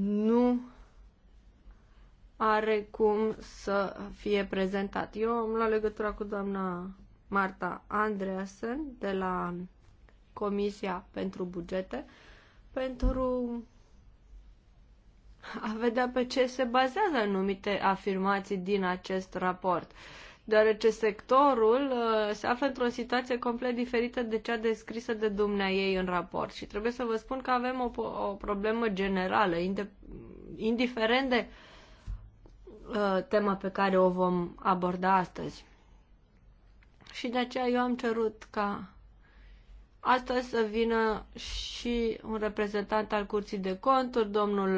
nu are cum să fie prezentat. Eu am luat legătura cu doamna Marta Andreasen de la Comisia pentru Bugete pentru a vedea pe ce se bazează anumite afirmații din acest raport. Uh, deoarece sectorul uh, se află într-o situație complet diferită de cea descrisă de dumnea ei în raport. Și trebuie să vă spun că avem o, o problemă generală, indiferent de uh, tema pe care o vom aborda astăzi. Și de aceea eu am cerut ca astăzi să vină și un reprezentant al Curții de Conturi, domnul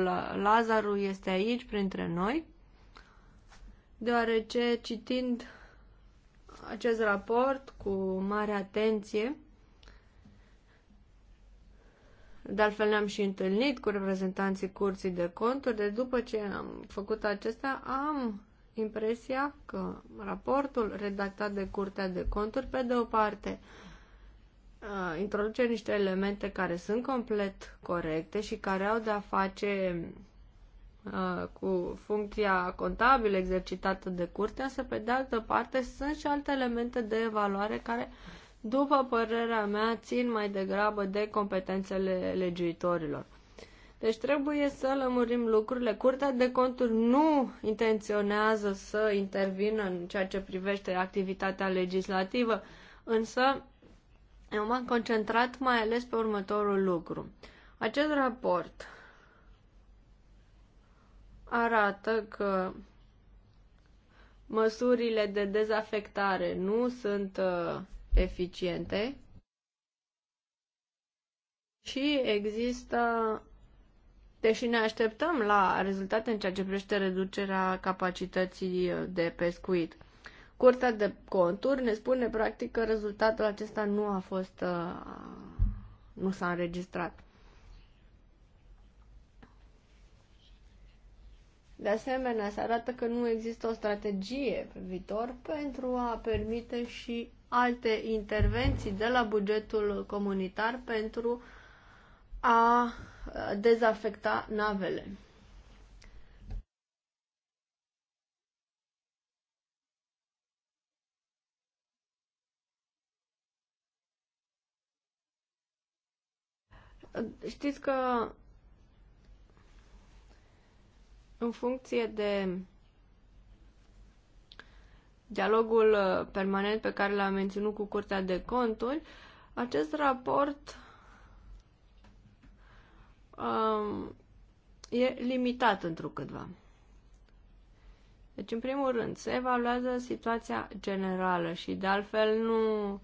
Lazaru este aici printre noi, deoarece citind acest raport cu mare atenție. De altfel ne-am și întâlnit cu reprezentanții curții de conturi, de deci, după ce am făcut acestea, am impresia că raportul redactat de Curtea de Conturi, pe de o parte, uh, introduce niște elemente care sunt complet corecte și care au de-a face Uh, cu funcția contabilă exercitată de curte, însă pe de altă parte sunt și alte elemente de evaluare care, după părerea mea, țin mai degrabă de competențele legiuitorilor. Deci trebuie să lămurim lucrurile. Curtea de conturi nu intenționează să intervină în ceea ce privește activitatea legislativă, însă eu m-am concentrat mai ales pe următorul lucru. Acest raport arată că măsurile de dezafectare nu sunt uh, eficiente și există, deși ne așteptăm la rezultate în ceea ce privește reducerea capacității de pescuit. Curtea de conturi ne spune practic că rezultatul acesta nu a fost, uh, nu s-a înregistrat. De asemenea, se arată că nu există o strategie pe viitor pentru a permite și alte intervenții de la bugetul comunitar pentru a dezafecta navele. Știți că în funcție de dialogul uh, permanent pe care l-am menținut cu Curtea de Conturi, acest raport um, e limitat întrucâtva. Deci, în primul rând, se evaluează situația generală și, de altfel, nu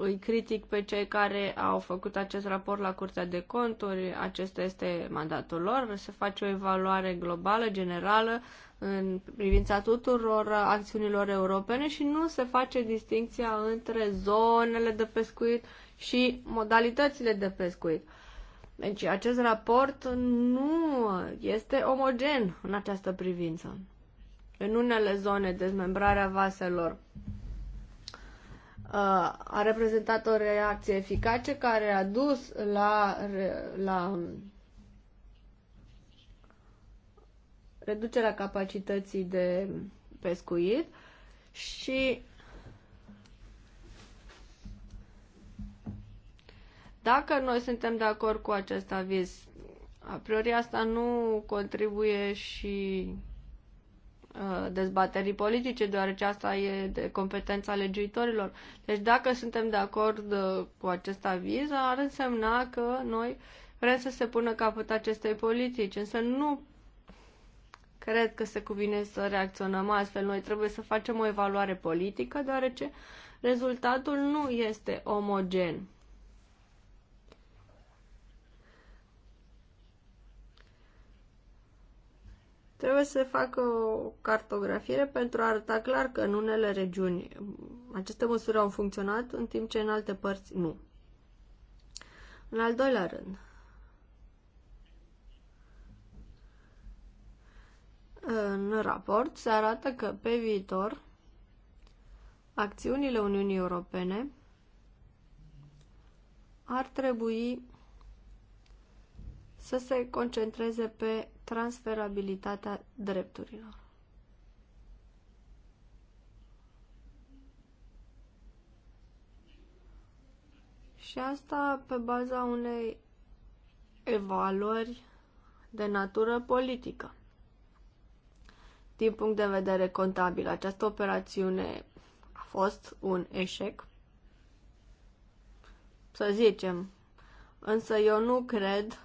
îi critic pe cei care au făcut acest raport la Curtea de Conturi. Acesta este mandatul lor. Se face o evaluare globală, generală, în privința tuturor acțiunilor europene și nu se face distinția între zonele de pescuit și modalitățile de pescuit. Deci acest raport nu este omogen în această privință. În unele zone, dezmembrarea vaselor Uh, a reprezentat o reacție eficace care a dus la, la reducerea capacității de pescuit și dacă noi suntem de acord cu acest aviz, a priori asta nu contribuie și Uh, dezbaterii politice, deoarece asta e de competența legiuitorilor. Deci dacă suntem de acord uh, cu acest aviz, ar însemna că noi vrem să se pună capăt acestei politici, însă nu cred că se cuvine să reacționăm astfel. Noi trebuie să facem o evaluare politică, deoarece rezultatul nu este omogen. Trebuie să facă o cartografiere pentru a arăta clar că în unele regiuni aceste măsuri au funcționat, în timp ce în alte părți nu. În al doilea rând, în raport se arată că pe viitor acțiunile Uniunii Europene ar trebui să se concentreze pe transferabilitatea drepturilor. Și asta pe baza unei evaluări de natură politică. Din punct de vedere contabil, această operațiune a fost un eșec, să zicem. Însă eu nu cred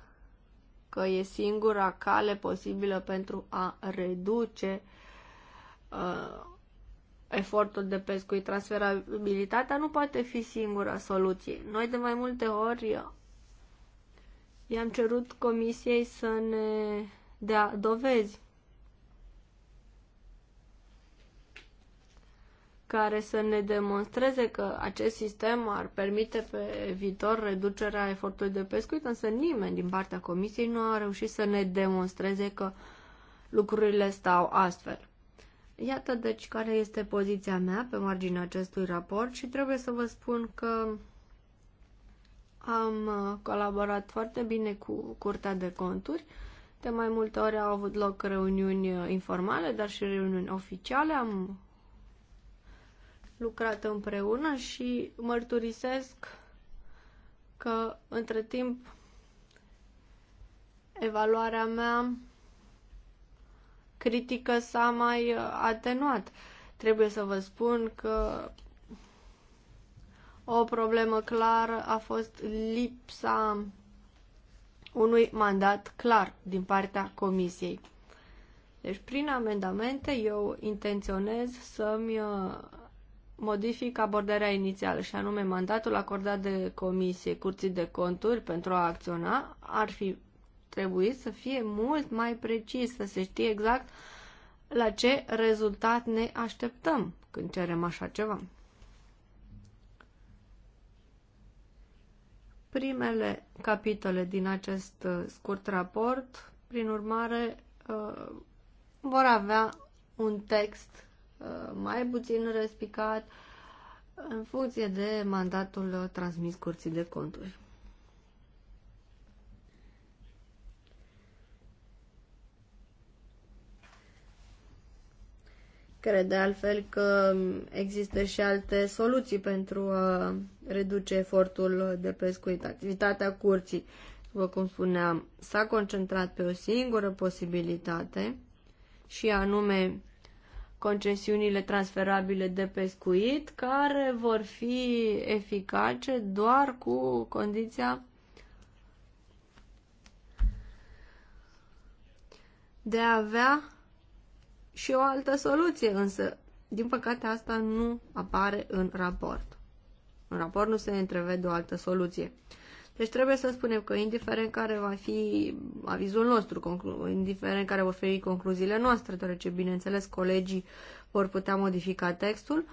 că e singura cale posibilă pentru a reduce uh, efortul de pescuit. Transferabilitatea nu poate fi singura soluție. Noi de mai multe ori i-am cerut comisiei să ne dea dovezi care să ne demonstreze că acest sistem ar permite pe viitor reducerea efortului de pescuit, însă nimeni din partea Comisiei nu a reușit să ne demonstreze că lucrurile stau astfel. Iată deci care este poziția mea pe marginea acestui raport și trebuie să vă spun că am uh, colaborat foarte bine cu Curtea de Conturi. De mai multe ori au avut loc reuniuni uh, informale, dar și reuniuni oficiale. Am lucrat împreună și mărturisesc că între timp evaluarea mea critică s-a mai uh, atenuat. Trebuie să vă spun că o problemă clară a fost lipsa unui mandat clar din partea Comisiei. Deci, prin amendamente, eu intenționez să-mi uh, modific abordarea inițială și anume mandatul acordat de comisie curții de conturi pentru a acționa ar fi trebuit să fie mult mai precis, să se știe exact la ce rezultat ne așteptăm când cerem așa ceva. Primele capitole din acest uh, scurt raport, prin urmare, uh, vor avea un text Uh, mai puțin răspicat, în funcție de mandatul transmis curții de conturi. Cred de altfel că există și alte soluții pentru a reduce efortul de pescuit. Activitatea curții, după cum spuneam, s-a concentrat pe o singură posibilitate și anume concesiunile transferabile de pescuit, care vor fi eficace doar cu condiția de a avea și o altă soluție, însă, din păcate, asta nu apare în raport. În raport nu se întrevede o altă soluție. Deci trebuie să spunem că indiferent care va fi avizul nostru, indiferent care vor fi concluziile noastre, deoarece, bineînțeles, colegii vor putea modifica textul,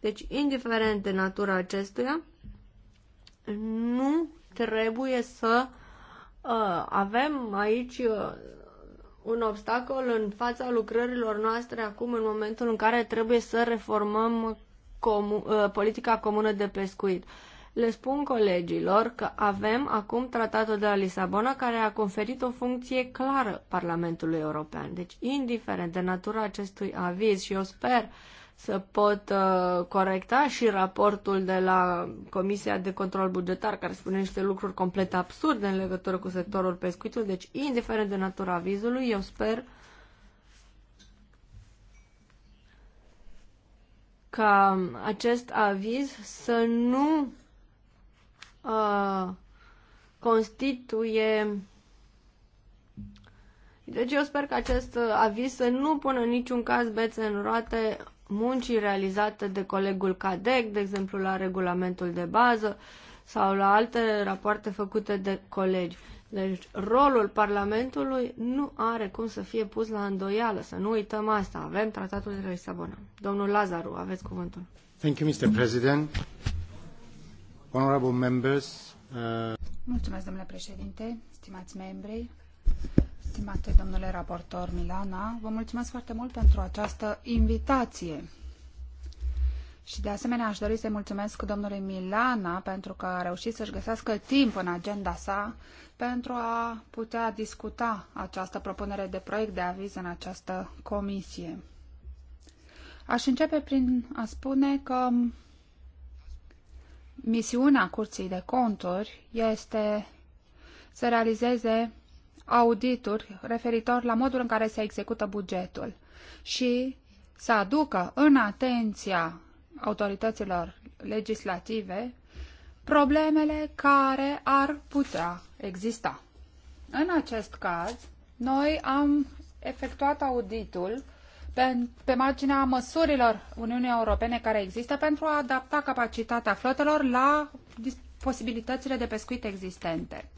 deci, indiferent de natura acestuia, nu trebuie să uh, avem aici uh, un obstacol în fața lucrărilor noastre acum, în momentul în care trebuie să reformăm comu- uh, politica comună de pescuit. Uh, le spun colegilor că avem acum tratatul de la Lisabona care a conferit o funcție clară Parlamentului European. Deci, indiferent de natura acestui aviz și eu sper să pot uh, corecta și raportul de la Comisia de Control Bugetar care spune niște lucruri complet absurde în legătură cu sectorul pescuitului. Deci, indiferent de natura avizului, eu sper ca acest aviz să nu uh, constituie. Deci eu sper că acest aviz să nu pună în niciun caz bețe în roate muncii realizate de colegul CADEC, de exemplu la regulamentul de bază sau la alte rapoarte făcute de colegi. Deci rolul Parlamentului nu are cum să fie pus la îndoială, să nu uităm asta. Avem tratatul de Lisabona. Domnul Lazaru, aveți cuvântul. Thank you, Mr. President. Uh, președinte, membri, domnule raportor Milana. Vă mulțumesc foarte mult pentru această invitație. Și de asemenea aș dori să-i mulțumesc domnului Milana pentru că a reușit să-și găsească timp în agenda sa pentru a putea discuta această propunere de proiect de aviz în această comisie. Aș începe prin a spune că misiunea Curții de Conturi este să realizeze audituri referitor la modul în care se execută bugetul și să aducă în atenția autorităților legislative problemele care ar putea exista. În acest caz, noi am efectuat auditul pe, pe marginea măsurilor Uniunii Europene care există pentru a adapta capacitatea flotelor la posibilitățile de pescuit existente.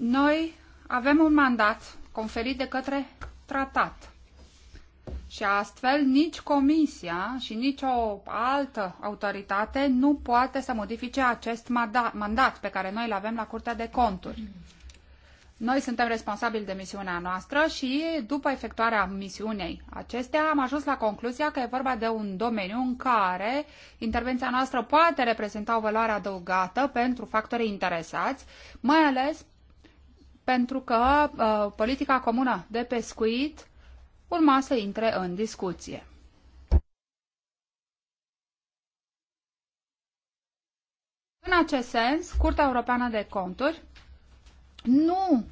Noi avem un mandat conferit de către tratat. Și astfel nici Comisia și nici o altă autoritate nu poate să modifice acest mandat pe care noi îl avem la Curtea de Conturi. Noi suntem responsabili de misiunea noastră și după efectuarea misiunei acestea am ajuns la concluzia că e vorba de un domeniu în care intervenția noastră poate reprezenta o valoare adăugată pentru factorii interesați, mai ales pentru că uh, politica comună de pescuit urma să intre în discuție. În acest sens, Curtea Europeană de Conturi nu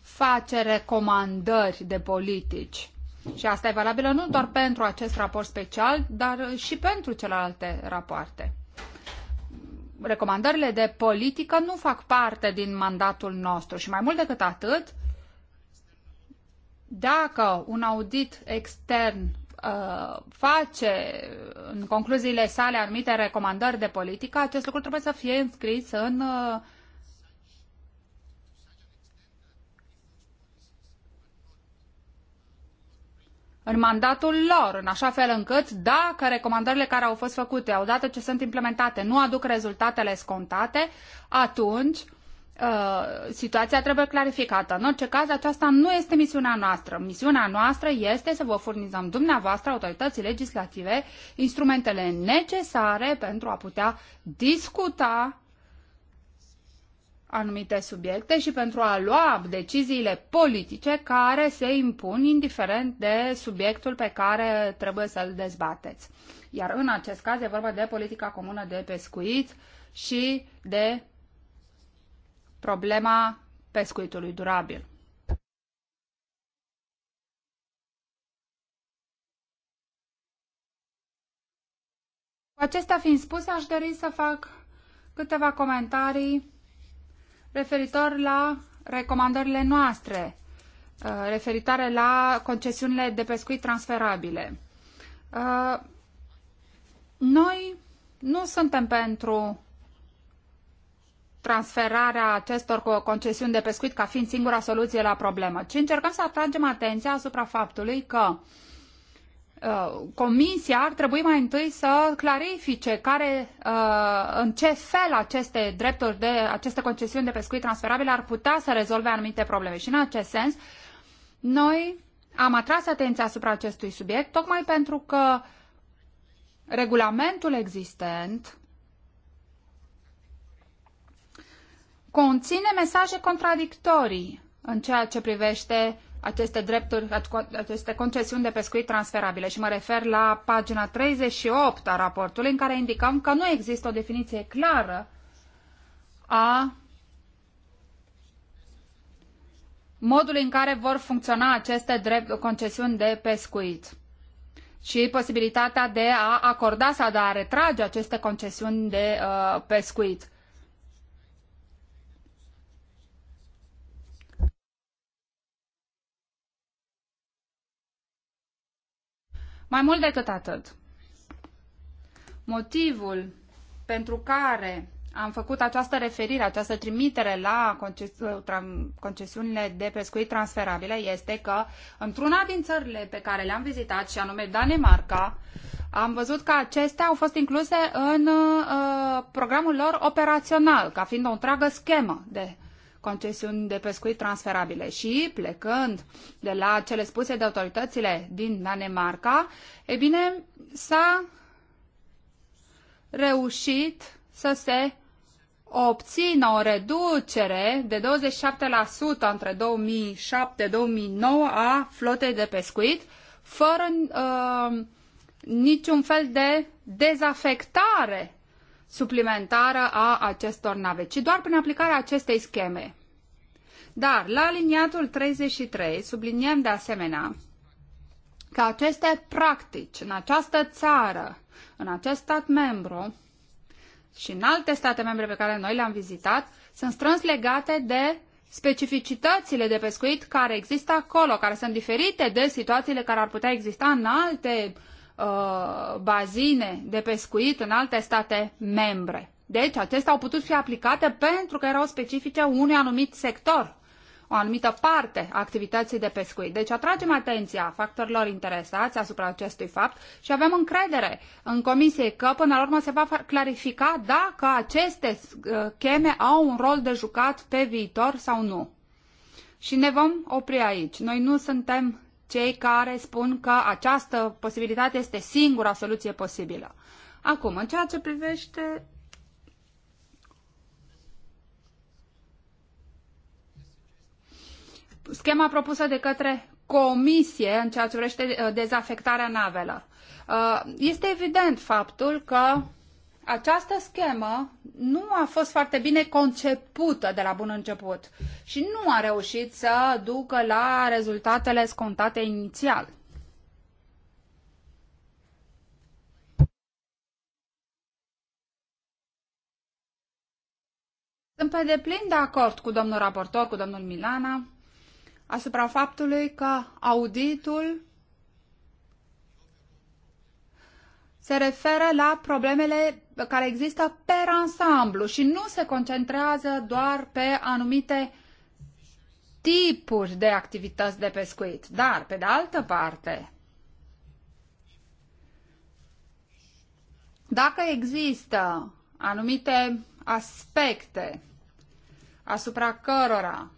face recomandări de politici. Și asta e valabilă nu doar pentru acest raport special, dar și pentru celelalte rapoarte. Recomandările de politică nu fac parte din mandatul nostru și mai mult decât atât, dacă un audit extern uh, face în concluziile sale anumite recomandări de politică, acest lucru trebuie să fie înscris în uh, în mandatul lor, în așa fel încât dacă recomandările care au fost făcute, odată ce sunt implementate, nu aduc rezultatele scontate, atunci uh, situația trebuie clarificată. În orice caz, aceasta nu este misiunea noastră. Misiunea noastră este să vă furnizăm dumneavoastră, autorității legislative, instrumentele necesare pentru a putea discuta anumite subiecte și pentru a lua deciziile politice care se impun indiferent de subiectul pe care trebuie să-l dezbateți. Iar în acest caz e vorba de politica comună de pescuit și de problema pescuitului durabil. Acestea fiind spuse, aș dori să fac câteva comentarii referitor la recomandările noastre, uh, referitoare la concesiunile de pescuit transferabile. Uh, noi nu suntem pentru transferarea acestor concesiuni de pescuit ca fiind singura soluție la problemă, ci încercăm să atragem atenția asupra faptului că uh, Uh, comisia ar trebui mai întâi să clarifice care, uh, în ce fel aceste drepturi de aceste concesiuni de pescuit transferabile ar putea să rezolve anumite probleme. Și în acest sens, noi am atras atenția asupra acestui subiect tocmai pentru că regulamentul existent conține mesaje contradictorii în ceea ce privește aceste drepturi, aceste concesiuni de pescuit transferabile și mă refer la pagina 38 a raportului în care indicăm că nu există o definiție clară a modului în care vor funcționa aceste drept, concesiuni de pescuit și posibilitatea de a acorda sau de a retrage aceste concesiuni de uh, pescuit. Mai mult decât atât, motivul pentru care am făcut această referire, această trimitere la concesiunile de pescuit transferabile este că într-una din țările pe care le-am vizitat, și anume Danemarca, am văzut că acestea au fost incluse în uh, programul lor operațional, ca fiind o întreagă schemă de concesiuni de pescuit transferabile. Și plecând de la cele spuse de autoritățile din Danemarca, e bine, s-a reușit să se obțină o reducere de 27% între 2007-2009 a flotei de pescuit, fără uh, niciun fel de dezafectare suplimentară a acestor nave, ci doar prin aplicarea acestei scheme. Dar la aliniatul 33 subliniem de asemenea că aceste practici în această țară, în acest stat membru și în alte state membre pe care noi le-am vizitat, sunt strâns legate de specificitățile de pescuit care există acolo, care sunt diferite de situațiile care ar putea exista în alte uh, Uh, bazine de pescuit în alte state membre. Deci, acestea au putut fi aplicate pentru că erau specifice unui anumit sector, o anumită parte a activității de pescuit. Deci, atragem atenția factorilor interesați asupra acestui fapt și avem încredere în comisie că, până la urmă, se va clarifica dacă aceste scheme uh, au un rol de jucat pe viitor sau nu. Și ne vom opri aici. Noi nu suntem cei care spun că această posibilitate este singura soluție posibilă. Acum, în ceea ce privește schema propusă de către comisie în ceea ce privește uh, dezafectarea navelor. Uh, este evident faptul că această schemă nu a fost foarte bine concepută de la bun început și nu a reușit să ducă la rezultatele scontate inițial. Sunt pe deplin de acord cu domnul raportor, cu domnul Milana, asupra faptului că auditul se referă la problemele care există pe ansamblu și nu se concentrează doar pe anumite tipuri de activități de pescuit. Dar, pe de altă parte, dacă există anumite aspecte asupra cărora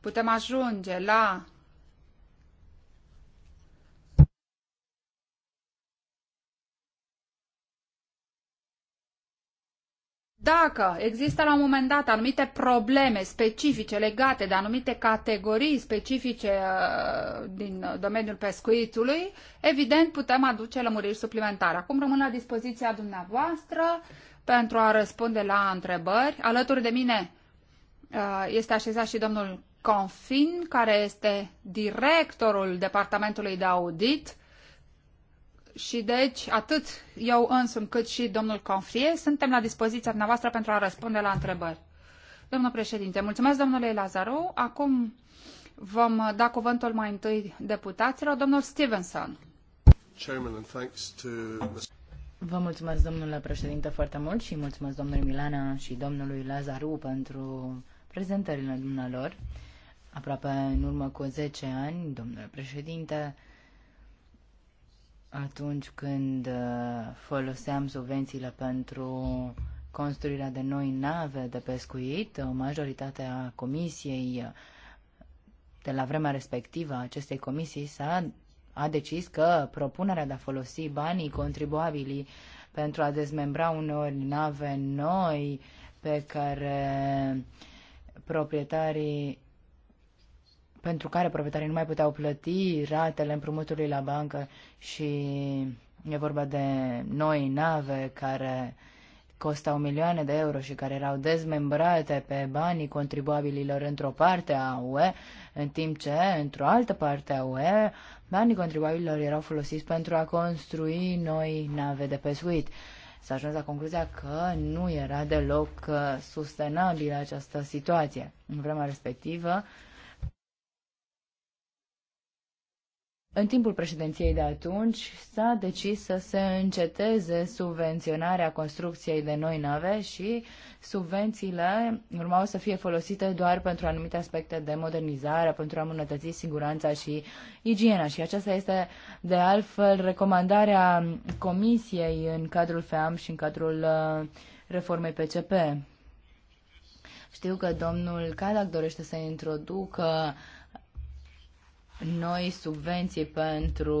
putem ajunge la Dacă există la un moment dat anumite probleme specifice legate de anumite categorii specifice uh, din domeniul pescuitului, evident putem aduce lămuriri suplimentare. Acum rămân la dispoziția dumneavoastră pentru a răspunde la întrebări. Alături de mine uh, este așezat și domnul Confin, care este directorul Departamentului de Audit și deci, atât eu însumi cât și domnul Confrie, suntem la dispoziția dumneavoastră pentru a răspunde la întrebări. Domnul președinte, mulțumesc domnului Lazaru. Acum vom da cuvântul mai întâi deputaților. Domnul Stevenson. Vă mulțumesc, domnule președinte, foarte mult și mulțumesc domnului Milana și domnului Lazaru pentru prezentările dumnealor. Aproape în urmă cu 10 ani, domnule președinte, atunci când uh, foloseam subvențiile pentru construirea de noi nave de pescuit, majoritatea comisiei uh, de la vremea respectivă a acestei comisii s-a a decis că propunerea de a folosi banii contribuabilii pentru a dezmembra uneori nave noi pe care proprietarii pentru care proprietarii nu mai puteau plăti ratele împrumutului la bancă și e vorba de noi nave care costau milioane de euro și care erau dezmembrate pe banii contribuabililor într-o parte a UE, în timp ce într-o altă parte a UE banii contribuabililor erau folosiți pentru a construi noi nave de pescuit. S-a ajuns la concluzia că nu era deloc uh, sustenabilă această situație. În vremea respectivă, În timpul președinției de atunci s-a decis să se înceteze subvenționarea construcției de noi nave și subvențiile urmau să fie folosite doar pentru anumite aspecte de modernizare, pentru a îmbunătăți siguranța și igiena. Și aceasta este, de altfel, recomandarea Comisiei în cadrul FEAM și în cadrul uh, reformei PCP. Știu că domnul Cadac dorește să introducă noi subvenții pentru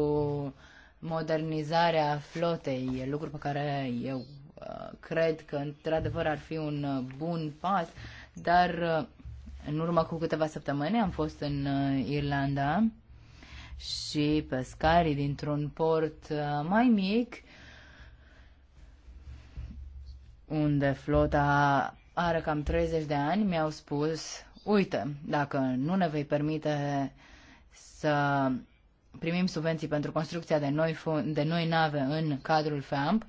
modernizarea flotei, lucruri lucru pe care eu uh, cred că într-adevăr ar fi un uh, bun pas, dar uh, în urmă cu câteva săptămâni am fost în Irlanda și pescarii dintr-un port mai mic unde flota are cam 30 de ani, mi-au spus, uite, dacă nu ne vei permite să primim subvenții pentru construcția de noi, de noi nave în cadrul FEAMP,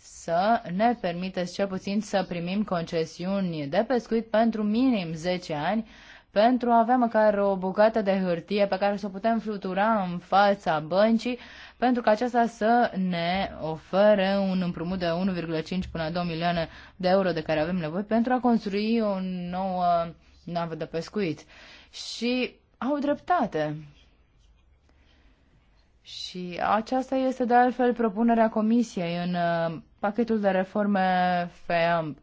să ne permiteți cel puțin să primim concesiuni de pescuit pentru minim 10 ani, pentru a avea măcar o bucată de hârtie pe care să o putem flutura în fața băncii, pentru că aceasta să ne ofere un împrumut de 1,5 până la 2 milioane de euro de care avem nevoie pentru a construi o nouă navă de pescuit. Și au dreptate. Și aceasta este de altfel propunerea Comisiei în uh, pachetul de reforme FEAM.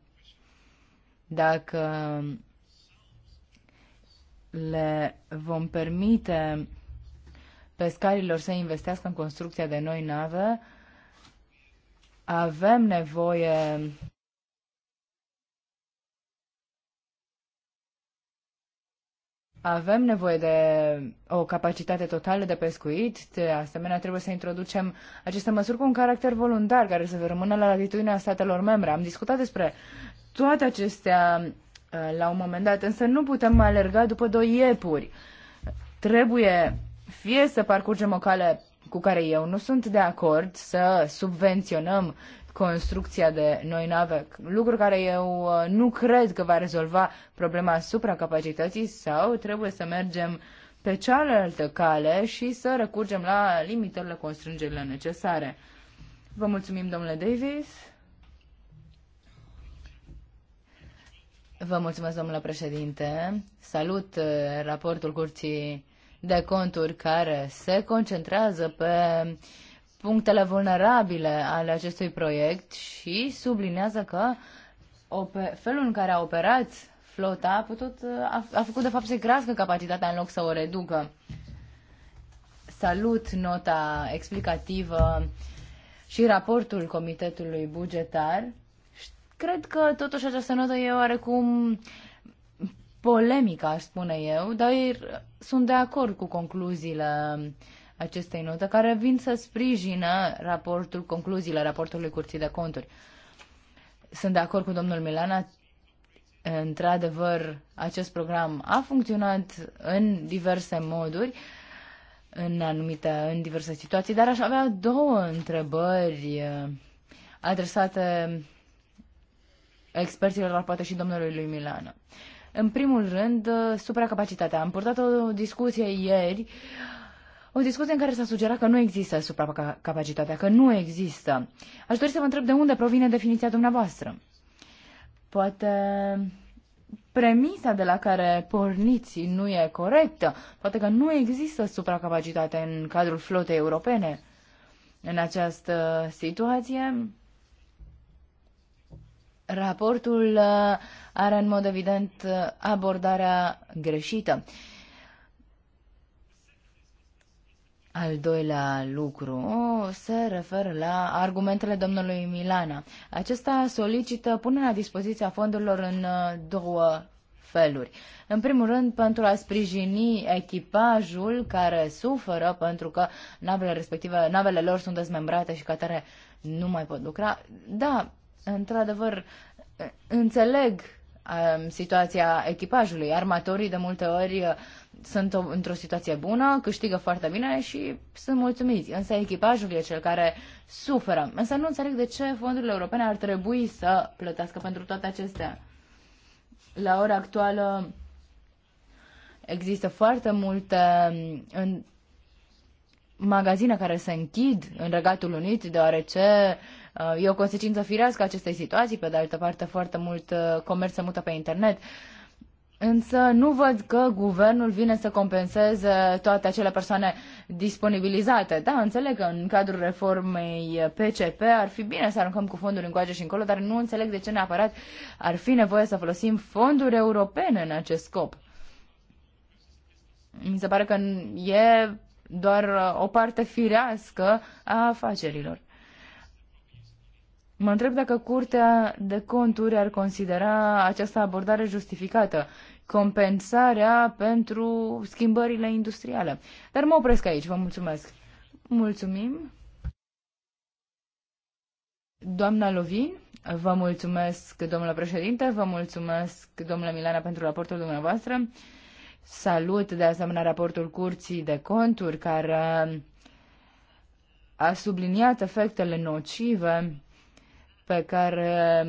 Dacă le vom permite pescarilor să investească în construcția de noi nave, avem nevoie Avem nevoie de o capacitate totală de pescuit, de asemenea trebuie să introducem aceste măsuri cu un caracter voluntar care să rămână la latitudinea statelor membre. Am discutat despre toate acestea uh, la un moment dat, însă nu putem alerga după doi iepuri. Trebuie fie să parcurgem o cale cu care eu nu sunt de acord, să subvenționăm construcția de noi nave, lucru care eu uh, nu cred că va rezolva problema supracapacității sau trebuie să mergem pe cealaltă cale și să recurgem la limitările, constrângerile necesare. Vă mulțumim, domnule Davis. Vă mulțumesc, domnule președinte. Salut uh, raportul Curții de Conturi care se concentrează pe uh, punctele vulnerabile ale acestui proiect și sublinează că felul în care a operat flota a, putut, a, a făcut de fapt să crească capacitatea în loc să o reducă. Salut nota explicativă și raportul Comitetului Bugetar. Cred că totuși această notă e oarecum polemică, aș spune eu, dar sunt de acord cu concluziile uh, acestei note, care vin să sprijină raportul, concluziile raportului Curții de Conturi. Sunt de acord cu domnul Milana, într-adevăr, acest program a funcționat în diverse moduri, în anumite, în diverse situații, dar aș avea două întrebări uh, adresate experților, dar poate și domnului lui Milana. În primul rând, uh, supracapacitatea. Am purtat o discuție ieri uh, o discuție în care s-a sugerat că nu există supracapacitatea, că nu există. Aș dori să vă întreb de unde provine definiția dumneavoastră. Poate premisa de la care porniți nu e corectă. Poate că nu există supracapacitate în cadrul flotei europene. În această situație, raportul uh, are în mod evident uh, abordarea greșită. Al doilea lucru se referă la argumentele domnului Milana. Acesta solicită punerea la dispoziția fondurilor în uh, două feluri. În primul rând, pentru a sprijini echipajul care suferă pentru că navele respective, navele lor sunt dezmembrate și ca tare nu mai pot lucra. Da, într-adevăr, înțeleg Um, situația echipajului. Armatorii de multe ori uh, sunt într-o situație bună, câștigă foarte bine și sunt mulțumiți. Însă echipajul e cel care suferă. Însă nu înțeleg de ce fondurile europene ar trebui să plătească pentru toate acestea. La ora actuală există foarte multe um, magazine care se închid în Regatul Unit, deoarece uh, e o consecință firească acestei situații, pe de altă parte foarte mult uh, comerț se mută pe internet. Însă nu văd că guvernul vine să compenseze toate acele persoane disponibilizate. Da, înțeleg că în cadrul reformei PCP ar fi bine să aruncăm cu fonduri încoace și încolo, dar nu înțeleg de ce neapărat ar fi nevoie să folosim fonduri europene în acest scop. Mi se pare că e doar uh, o parte firească a afacerilor. Mă întreb dacă Curtea de Conturi ar considera această abordare justificată, compensarea pentru schimbările industriale. Dar mă opresc aici, vă mulțumesc. Mulțumim. Doamna Lovin, vă mulțumesc, domnule președinte, vă mulțumesc, domnule Milana, pentru raportul dumneavoastră. Salut de asemenea raportul Curții de Conturi care a subliniat efectele nocive pe care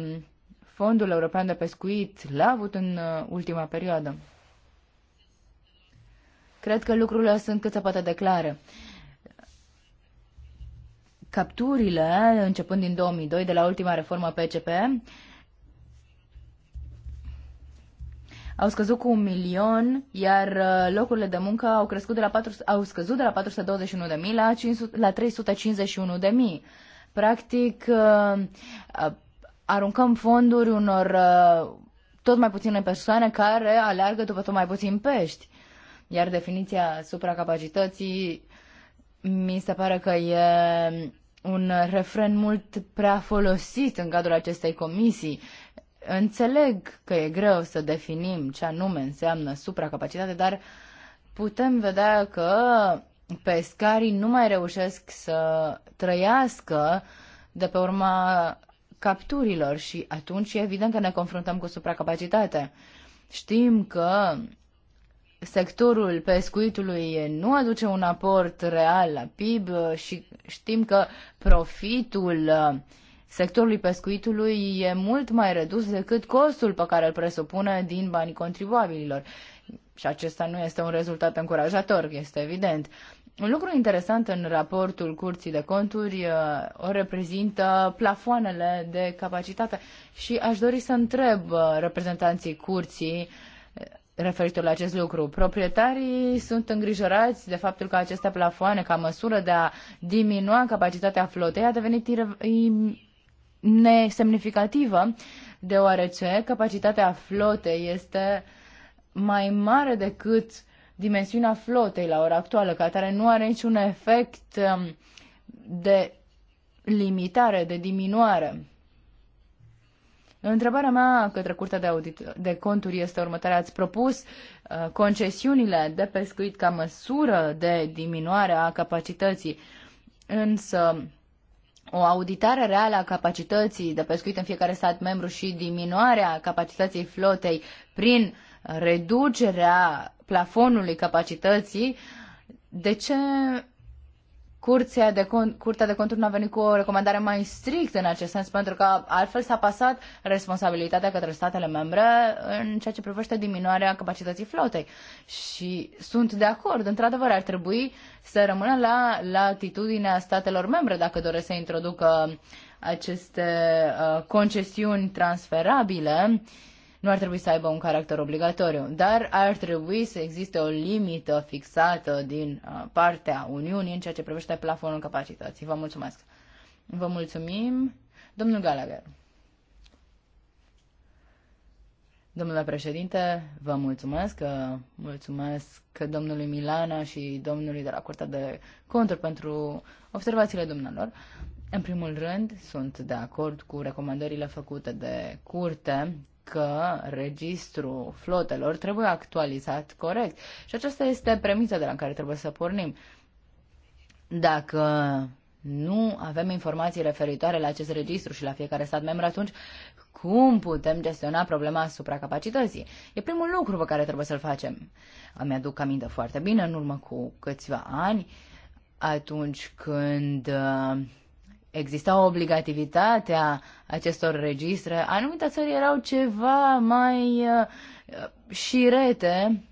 Fondul European de Pescuit l-a avut în uh, ultima perioadă. Cred că lucrurile sunt cât se poate de clare. Capturile, începând din 2002, de la ultima reformă PCP, au scăzut cu un milion, iar uh, locurile de muncă au, crescut de la 4, au scăzut de la 421.000 de mii la, la 351 de mii. Practic, uh, uh, aruncăm fonduri unor tot mai puține persoane care aleargă după tot mai puțin pești. Iar definiția supracapacității mi se pare că e un refren mult prea folosit în cadrul acestei comisii Înțeleg că e greu să definim ce anume înseamnă supracapacitate, dar putem vedea că pescarii nu mai reușesc să trăiască de pe urma capturilor și atunci e evident că ne confruntăm cu supracapacitate. Știm că sectorul pescuitului nu aduce un aport real la PIB și știm că profitul uh, sectorului pescuitului e mult mai redus decât costul pe care îl presupune din banii contribuabililor. Și acesta nu este un rezultat încurajator, este evident. Un lucru interesant în raportul Curții de Conturi uh, o reprezintă plafoanele de capacitate și aș dori să întreb uh, reprezentanții Curții uh, referitor la acest lucru. Proprietarii sunt îngrijorați de faptul că aceste plafoane, ca măsură de a diminua capacitatea flotei, a devenit nesemnificativă, deoarece capacitatea flotei este mai mare decât dimensiunea flotei la ora actuală, ca atare nu are niciun efect um, de limitare, de diminuare. Întrebarea mea către Curtea de, audit, de Conturi este următoarea. Ați propus uh, concesiunile de pescuit ca măsură de diminuare a capacității, însă o auditare reală a capacității de pescuit în fiecare stat membru și diminuarea capacității flotei prin reducerea plafonului capacității, de ce Curția de con- Curtea de Conturi nu a venit cu o recomandare mai strictă în acest sens, pentru că altfel s-a pasat responsabilitatea către statele membre în ceea ce privește diminuarea capacității flotei. Și sunt de acord, într-adevăr, ar trebui să rămână la latitudinea statelor membre dacă doresc să introducă aceste uh, concesiuni transferabile. Uh, nu ar trebui să aibă un caracter obligatoriu, dar ar trebui să existe o limită fixată din uh, partea Uniunii în ceea ce privește plafonul capacității. Vă mulțumesc. Vă mulțumim. Domnul Gallagher. Domnule președinte, vă mulțumesc, uh, mulțumesc domnului Milana și domnului de la Curtea de Conturi pentru observațiile dumnealor. În primul rând, sunt de acord cu recomandările făcute de curte că registrul flotelor trebuie actualizat corect. Și aceasta este premisa de la care trebuie să pornim. Dacă nu avem informații referitoare la acest registru și la fiecare stat membru, atunci cum putem gestiona problema supracapacității? E primul lucru pe care trebuie să-l facem. Îmi aduc aminte foarte bine în urmă cu câțiva ani, atunci când uh, exista obligativitatea acestor registre, anumite țări erau ceva mai uh, șirete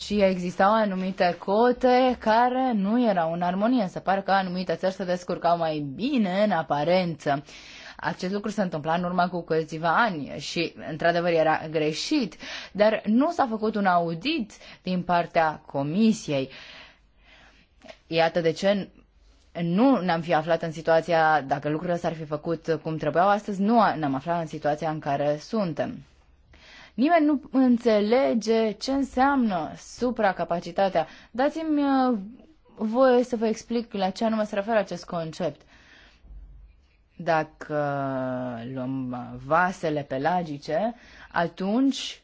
și existau anumite cote care nu erau în armonie. Se pare că anumite țări se descurcau mai bine în aparență. Acest lucru se întâmpla în urmă cu câțiva ani și, într-adevăr, era greșit, dar nu s-a făcut un audit din partea comisiei. Iată de ce nu ne-am fi aflat în situația, dacă lucrurile s-ar fi făcut cum trebuiau astăzi, nu ne-am aflat în situația în care suntem. Nimeni nu înțelege ce înseamnă supracapacitatea. Dați-mi uh, voie să vă explic la ce anume se referă acest concept. Dacă luăm vasele pelagice, atunci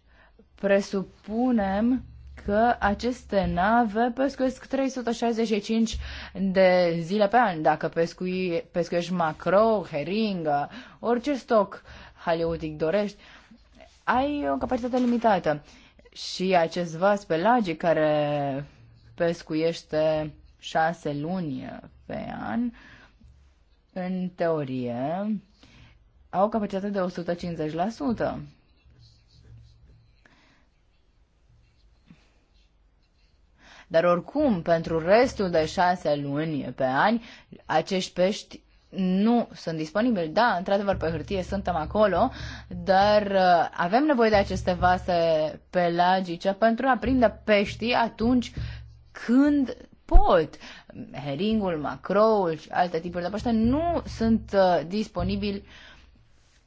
presupunem că aceste nave pescuiesc 365 de zile pe an. Dacă pescui, pescuiești macro, heringă, orice stoc haleutic dorești, ai o capacitate limitată. Și acest vas pelagic care pescuiește șase luni pe an, în teorie, au capacitate de 150%. Dar oricum, pentru restul de șase luni pe ani, acești pești nu sunt disponibili. Da, într-adevăr, pe hârtie suntem acolo, dar uh, avem nevoie de aceste vase pelagice pentru a prinde peștii atunci când pot heringul, macroul și alte tipuri de paște nu sunt uh, disponibili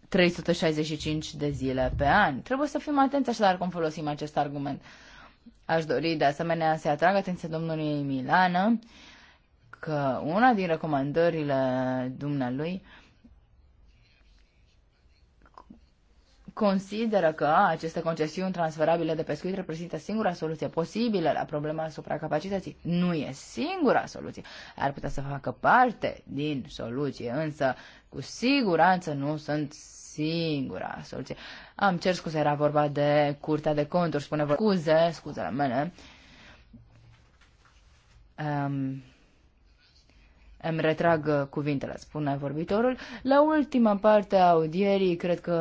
365 de zile pe an. Trebuie să fim atenți așadar cum folosim acest argument. Aș dori de asemenea să atrag atenția domnului Milană că una din recomandările dumnealui uh, consideră că aceste concesiuni transferabile de pescuit reprezintă singura soluție posibilă la problema supracapacității. Nu e singura soluție. Ar putea să facă parte din soluție, însă cu siguranță nu sunt singura soluție. Am cer scuze, era vorba de curtea de conturi, spune vă scuze, scuzele mele. Um, îmi retrag cuvintele, spune vorbitorul. La ultima parte a audierii, cred că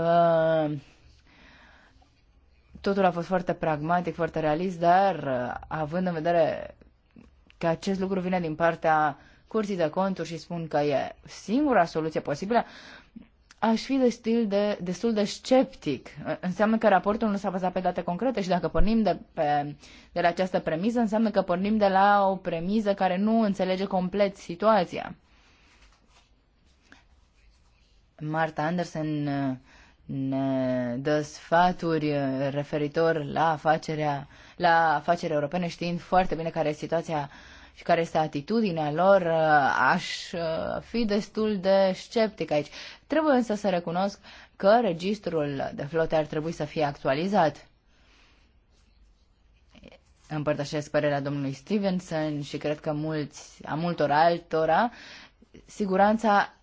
Totul a fost foarte pragmatic, foarte realist, dar uh, având în vedere că acest lucru vine din partea curții de conturi și spun că e singura soluție posibilă, aș fi de stil de, destul de sceptic. Înseamnă că raportul nu s-a bazat pe date concrete și dacă pornim de, pe, de la această premisă, înseamnă că pornim de la o premisă care nu înțelege complet situația. Marta Anderson uh, ne dă sfaturi referitor la afacerea, la afacerea europene, știind foarte bine care este situația și care este atitudinea lor, aș uh, fi destul de sceptic aici. Trebuie însă să recunosc că registrul de flote ar trebui să fie actualizat. Împărtășesc părerea domnului Stevenson și cred că mulți, a multor altora, siguranța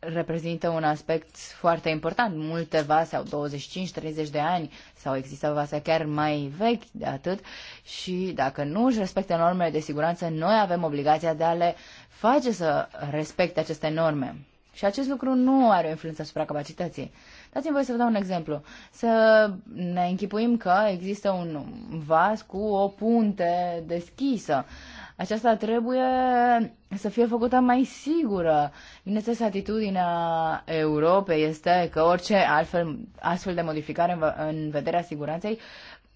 reprezintă un aspect foarte important. Multe vase au 25-30 de ani sau există vase chiar mai vechi de atât și dacă nu își respectă normele de siguranță, noi avem obligația de a le face să respecte aceste norme. Și acest lucru nu are o influență asupra capacității. Dați-mi voi să vă dau un exemplu. Să ne închipuim că există un vas cu o punte deschisă. Uh, aceasta trebuie să fie făcută mai sigură. Bineînțeles, atitudinea Europei este că orice altfel, astfel de modificare în, în vederea siguranței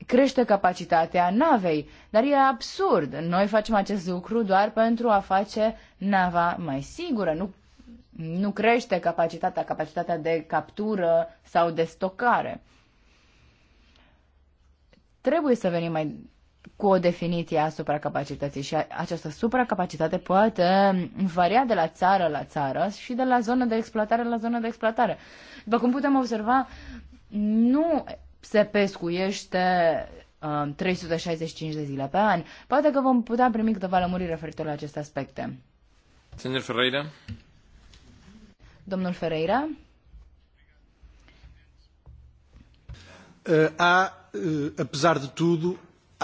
crește capacitatea navei, dar e absurd. Noi facem acest lucru doar pentru a face nava mai sigură, nu, nu crește capacitatea, capacitatea de captură sau de stocare. Trebuie să venim mai cu o definiție a supracapacității și această supracapacitate poate um, varia de la țară la țară și de la zonă de exploatare la zonă de exploatare. După cum putem observa, nu se pescuiește 365 um, de zile pe an. Poate că vom putea primi câteva lămuriri referitor la aceste aspecte. Senor Ferreira. Domnul Ferreira. Uh, há, uh, apesar de tudo,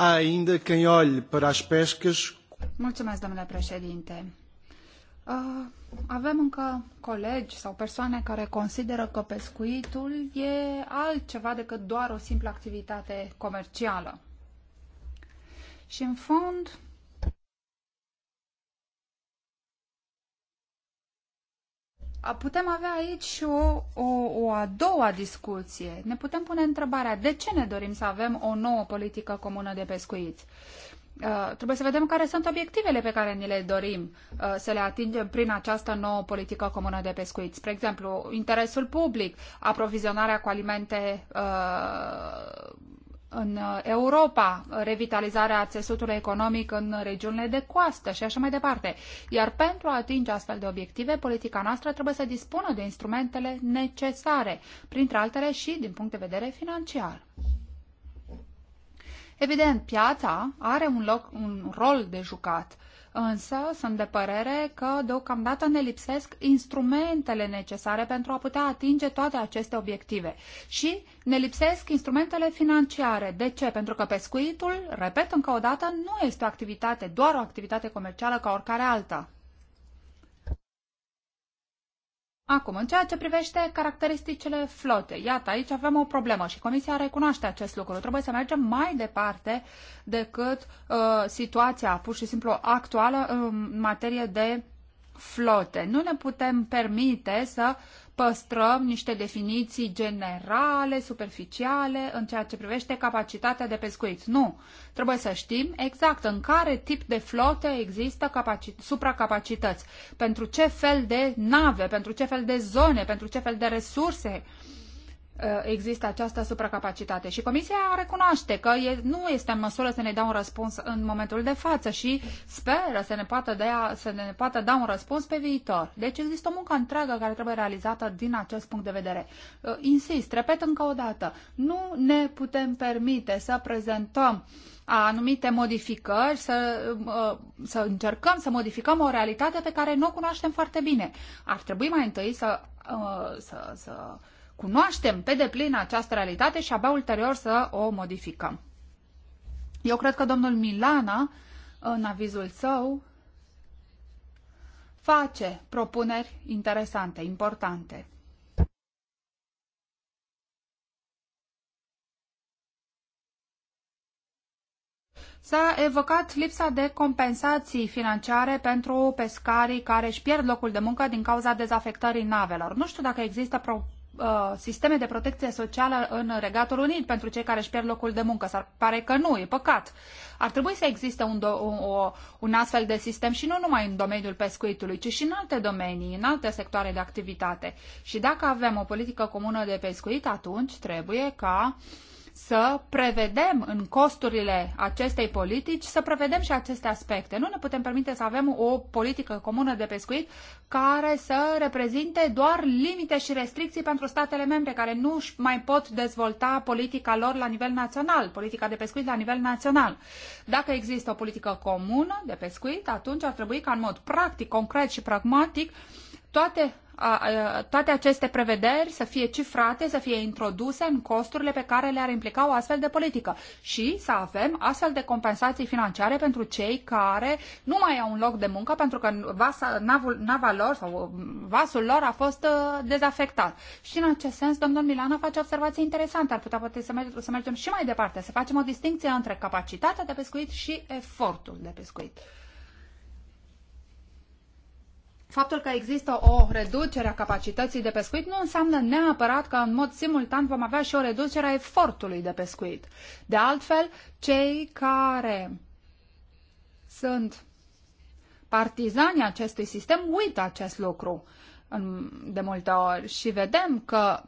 há ainda quem olhe para as pescas. Mulțumesc, domnule președinte. Uh, avem încă colegi sau persoane care consideră că pescuitul e altceva decât doar o simplă activitate comercială. Și în fond, putem avea aici și o, o, o a doua discuție. Ne putem pune întrebarea de ce ne dorim să avem o nouă politică comună de pescuit. Uh, trebuie să vedem care sunt obiectivele pe care ni le dorim uh, să le atingem prin această nouă politică comună de pescuit. Spre exemplu, interesul public, aprovizionarea cu alimente uh, în uh, Europa, revitalizarea țesutului economic în regiunile de coastă și așa mai departe. Iar pentru a atinge astfel de obiective, politica noastră trebuie să dispună de instrumentele necesare, printre altele și din punct de vedere financiar. Evident, piața are un, loc, un rol de jucat Însă sunt de părere că deocamdată ne lipsesc instrumentele necesare pentru a putea atinge toate aceste obiective și ne lipsesc instrumentele financiare. De ce? Pentru că pescuitul, repet încă o dată, nu este o activitate, doar o activitate comercială ca oricare alta. Acum, în ceea ce privește caracteristicile flote, iată, aici avem o problemă și Comisia recunoaște acest lucru. Trebuie să mergem mai departe decât uh, situația pur și simplu actuală în materie de flote. Nu ne putem permite să păstrăm niște definiții generale, superficiale, în ceea ce privește capacitatea de pescuit. Nu. Trebuie să știm exact în care tip de flote există supracapacități, pentru ce fel de nave, pentru ce fel de zone, pentru ce fel de resurse uh, Uh, există această supracapacitate. Și Comisia recunoaște că e, nu este în măsură să ne dea un răspuns în momentul de față și speră să ne, poată dea, să ne poată da un răspuns pe viitor. Deci există o muncă întreagă care trebuie realizată din acest punct de vedere. Uh, insist, repet încă o dată, nu ne putem permite să prezentăm anumite modificări, să, uh, să încercăm să modificăm o realitate pe care nu o cunoaștem foarte bine. Ar trebui mai întâi să, să, să cunoaștem pe deplin această realitate și abia ulterior să o modificăm. Eu cred că domnul Milana, în avizul său, face propuneri interesante, importante. S-a evocat lipsa de compensații financiare pentru pescarii care își pierd locul de muncă din cauza dezafectării navelor. Nu știu dacă există pro Uh, sisteme de protecție socială în Regatul Unit pentru cei care își pierd locul de muncă. S-ar pare că nu, e păcat. Ar trebui să existe un, do- un, o, un astfel de sistem și nu numai în domeniul pescuitului, ci și în alte domenii, în alte sectoare de activitate. Și dacă avem o politică comună de pescuit, atunci trebuie ca uh, să prevedem în costurile acestei politici, să prevedem și aceste aspecte. Nu ne putem permite să avem o politică comună de pescuit care să reprezinte doar limite și restricții pentru statele membre care nu mai pot dezvolta politica lor la nivel național, politica de pescuit la nivel național. Dacă există o politică comună de pescuit, atunci ar trebui ca în mod practic, concret și pragmatic, toate, toate aceste prevederi să fie cifrate, să fie introduse în costurile pe care le-ar implica o astfel de politică și să avem astfel de compensații financiare pentru cei care nu mai au un loc de muncă pentru că vasa, navul, nava lor sau vasul lor a fost uh, dezafectat. Și în acest sens, domnul Milana face observații interesante. Ar putea poate să, merg, să mergem și mai departe, să facem o distinție între capacitatea de pescuit și efortul de pescuit faptul că există o reducere a capacității de pescuit nu înseamnă neapărat că în mod simultan vom avea și o reducere a efortului de pescuit. De altfel, cei care sunt partizanii acestui sistem uită acest lucru de multe ori și vedem că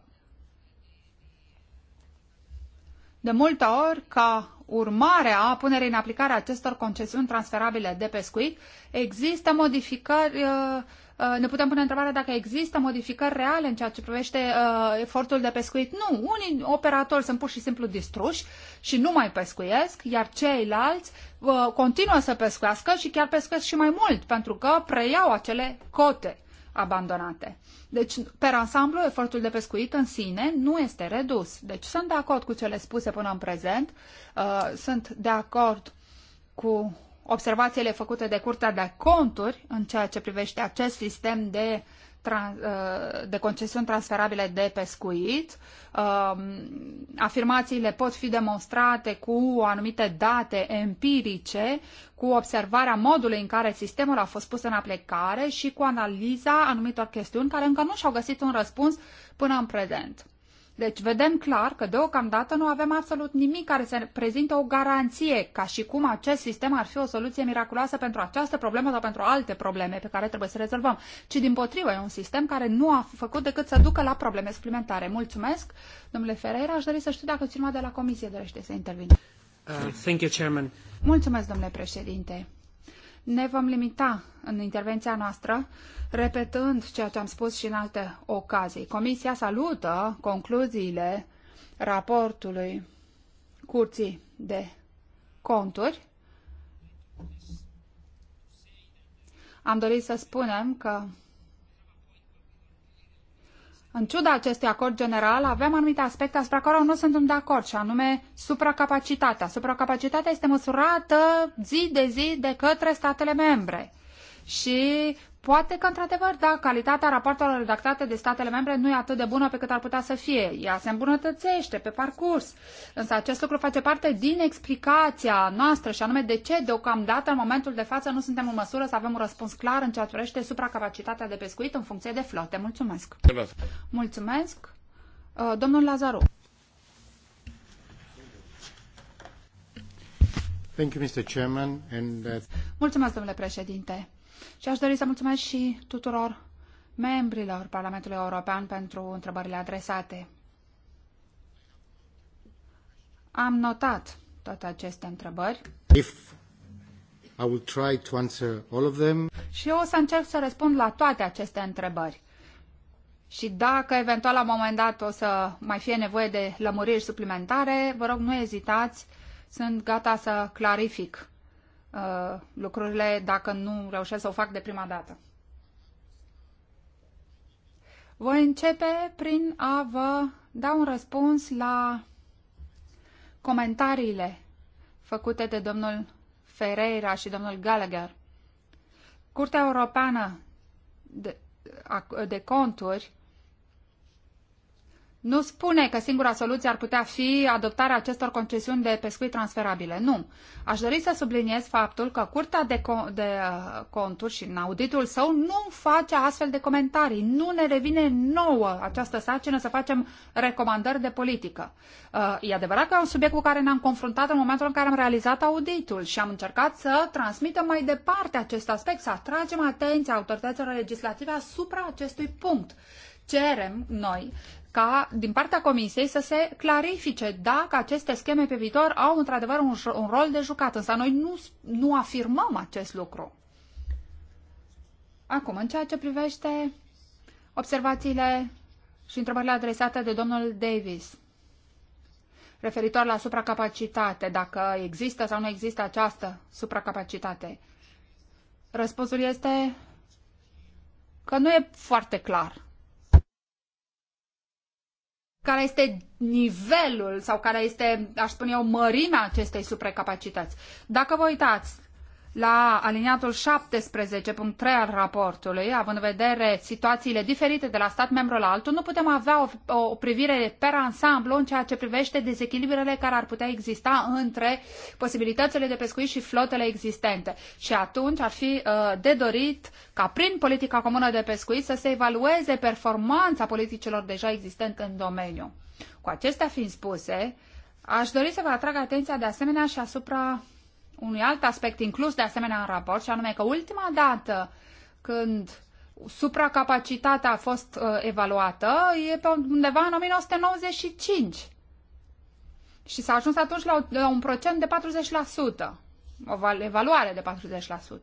De multe ori, ca urmare a punerii în aplicare a acestor concesiuni transferabile de pescuit, există modificări uh, uh, ne putem pune întrebarea dacă există modificări reale în ceea ce privește uh, efortul de pescuit. Nu, unii operatori sunt pur și simplu distruși și nu mai pescuiesc, iar ceilalți uh, continuă să pescuiască și chiar pescuiesc și mai mult, pentru că preiau acele cote abandonate. Deci, per ansamblu, efortul de pescuit în sine nu este redus. Deci sunt de acord cu cele spuse până în prezent, uh, sunt de acord cu observațiile făcute de Curtea de Conturi în ceea ce privește acest sistem de Uh, de concesiuni transferabile de pescuit. Um, afirmațiile pot fi demonstrate cu anumite date empirice, cu observarea modului în care sistemul a fost pus în aplicare și cu analiza anumitor chestiuni care încă nu și-au găsit un răspuns până în prezent. Deci vedem clar că deocamdată nu avem absolut nimic care să prezinte o garanție, ca și cum acest sistem ar fi o soluție miraculoasă pentru această problemă sau pentru alte probleme pe care trebuie să le rezolvăm, ci din potrivă e un sistem care nu a făcut decât să ducă la probleme suplimentare. Mulțumesc, domnule Ferreira, aș dori să știu dacă cineva de la Comisie dorește să intervină. Uh, thank you, Chairman. Mulțumesc, domnule președinte ne vom limita în intervenția noastră, repetând ceea ce am spus și în alte ocazii. Comisia salută concluziile raportului Curții de Conturi. Am dorit să spunem că în ciuda acestui acord general, avem anumite aspecte asupra care nu suntem de acord, și anume supracapacitatea. Supracapacitatea este măsurată zi de zi de către statele membre și poate că, într-adevăr, da, calitatea rapoartelor redactate de statele membre nu e atât de bună pe cât ar putea să fie. Ea se îmbunătățește pe parcurs. Însă acest lucru face parte din explicația noastră și anume de ce, deocamdată, în momentul de față, nu suntem în măsură să avem un răspuns clar în ceea ce privește supracapacitatea de pescuit în funcție de flote. Mulțumesc! Mulțumesc! Uh, domnul Lazaru. Uh, Mulțumesc, domnule președinte. Și aș dori să mulțumesc și tuturor membrilor Parlamentului European pentru întrebările adresate. Am notat toate aceste întrebări. If I will try to answer all of them. Și eu o să încerc să răspund la toate aceste întrebări. Și dacă eventual la un moment dat o să mai fie nevoie de lămuriri suplimentare, vă rog nu ezitați, sunt gata să clarific Uh, lucrurile dacă nu reușesc să o fac de prima dată. Voi începe prin a vă da un răspuns la comentariile făcute de domnul Ferreira și domnul Gallagher. Curtea Europeană de, de Conturi nu spune că singura soluție ar putea fi adoptarea acestor concesiuni de pescuit transferabile. Nu. Aș dori să subliniez faptul că Curtea de, co- de uh, Conturi și în auditul său nu face astfel de comentarii. Nu ne revine nouă această sacină să facem recomandări de politică. Uh, e adevărat că e un subiect cu care ne-am confruntat în momentul în care am realizat auditul și am încercat să transmitem mai departe acest aspect, să atragem atenția autorităților legislative asupra acestui punct cerem noi ca din partea Comisiei să se clarifice dacă aceste scheme pe viitor au într-adevăr un, un rol de jucat, însă noi nu, nu afirmăm acest lucru. Acum, în ceea ce privește observațiile și întrebările adresate de domnul Davis referitor la supracapacitate, dacă există sau nu există această supracapacitate. Răspunsul este că nu e foarte clar care este nivelul sau care este, aș spune eu, mărimea acestei supracapacități. Dacă vă uitați la aliniatul 17.3 al raportului, având în vedere situațiile diferite de la stat membru la altul, nu putem avea o, o privire per ansamblu în ceea ce privește dezechilibrele care ar putea exista între posibilitățile de pescuit și flotele existente. Și atunci ar fi uh, de dorit ca prin politica comună de pescuit să se evalueze performanța politicilor deja existente în domeniu. Cu acestea fiind spuse, aș dori să vă atrag atenția de asemenea și asupra unui alt aspect inclus de asemenea în raport, și anume că ultima dată când supracapacitatea a fost uh, evaluată e pe undeva în 1995. Și s-a ajuns atunci la, la un procent de 40%, o evaluare de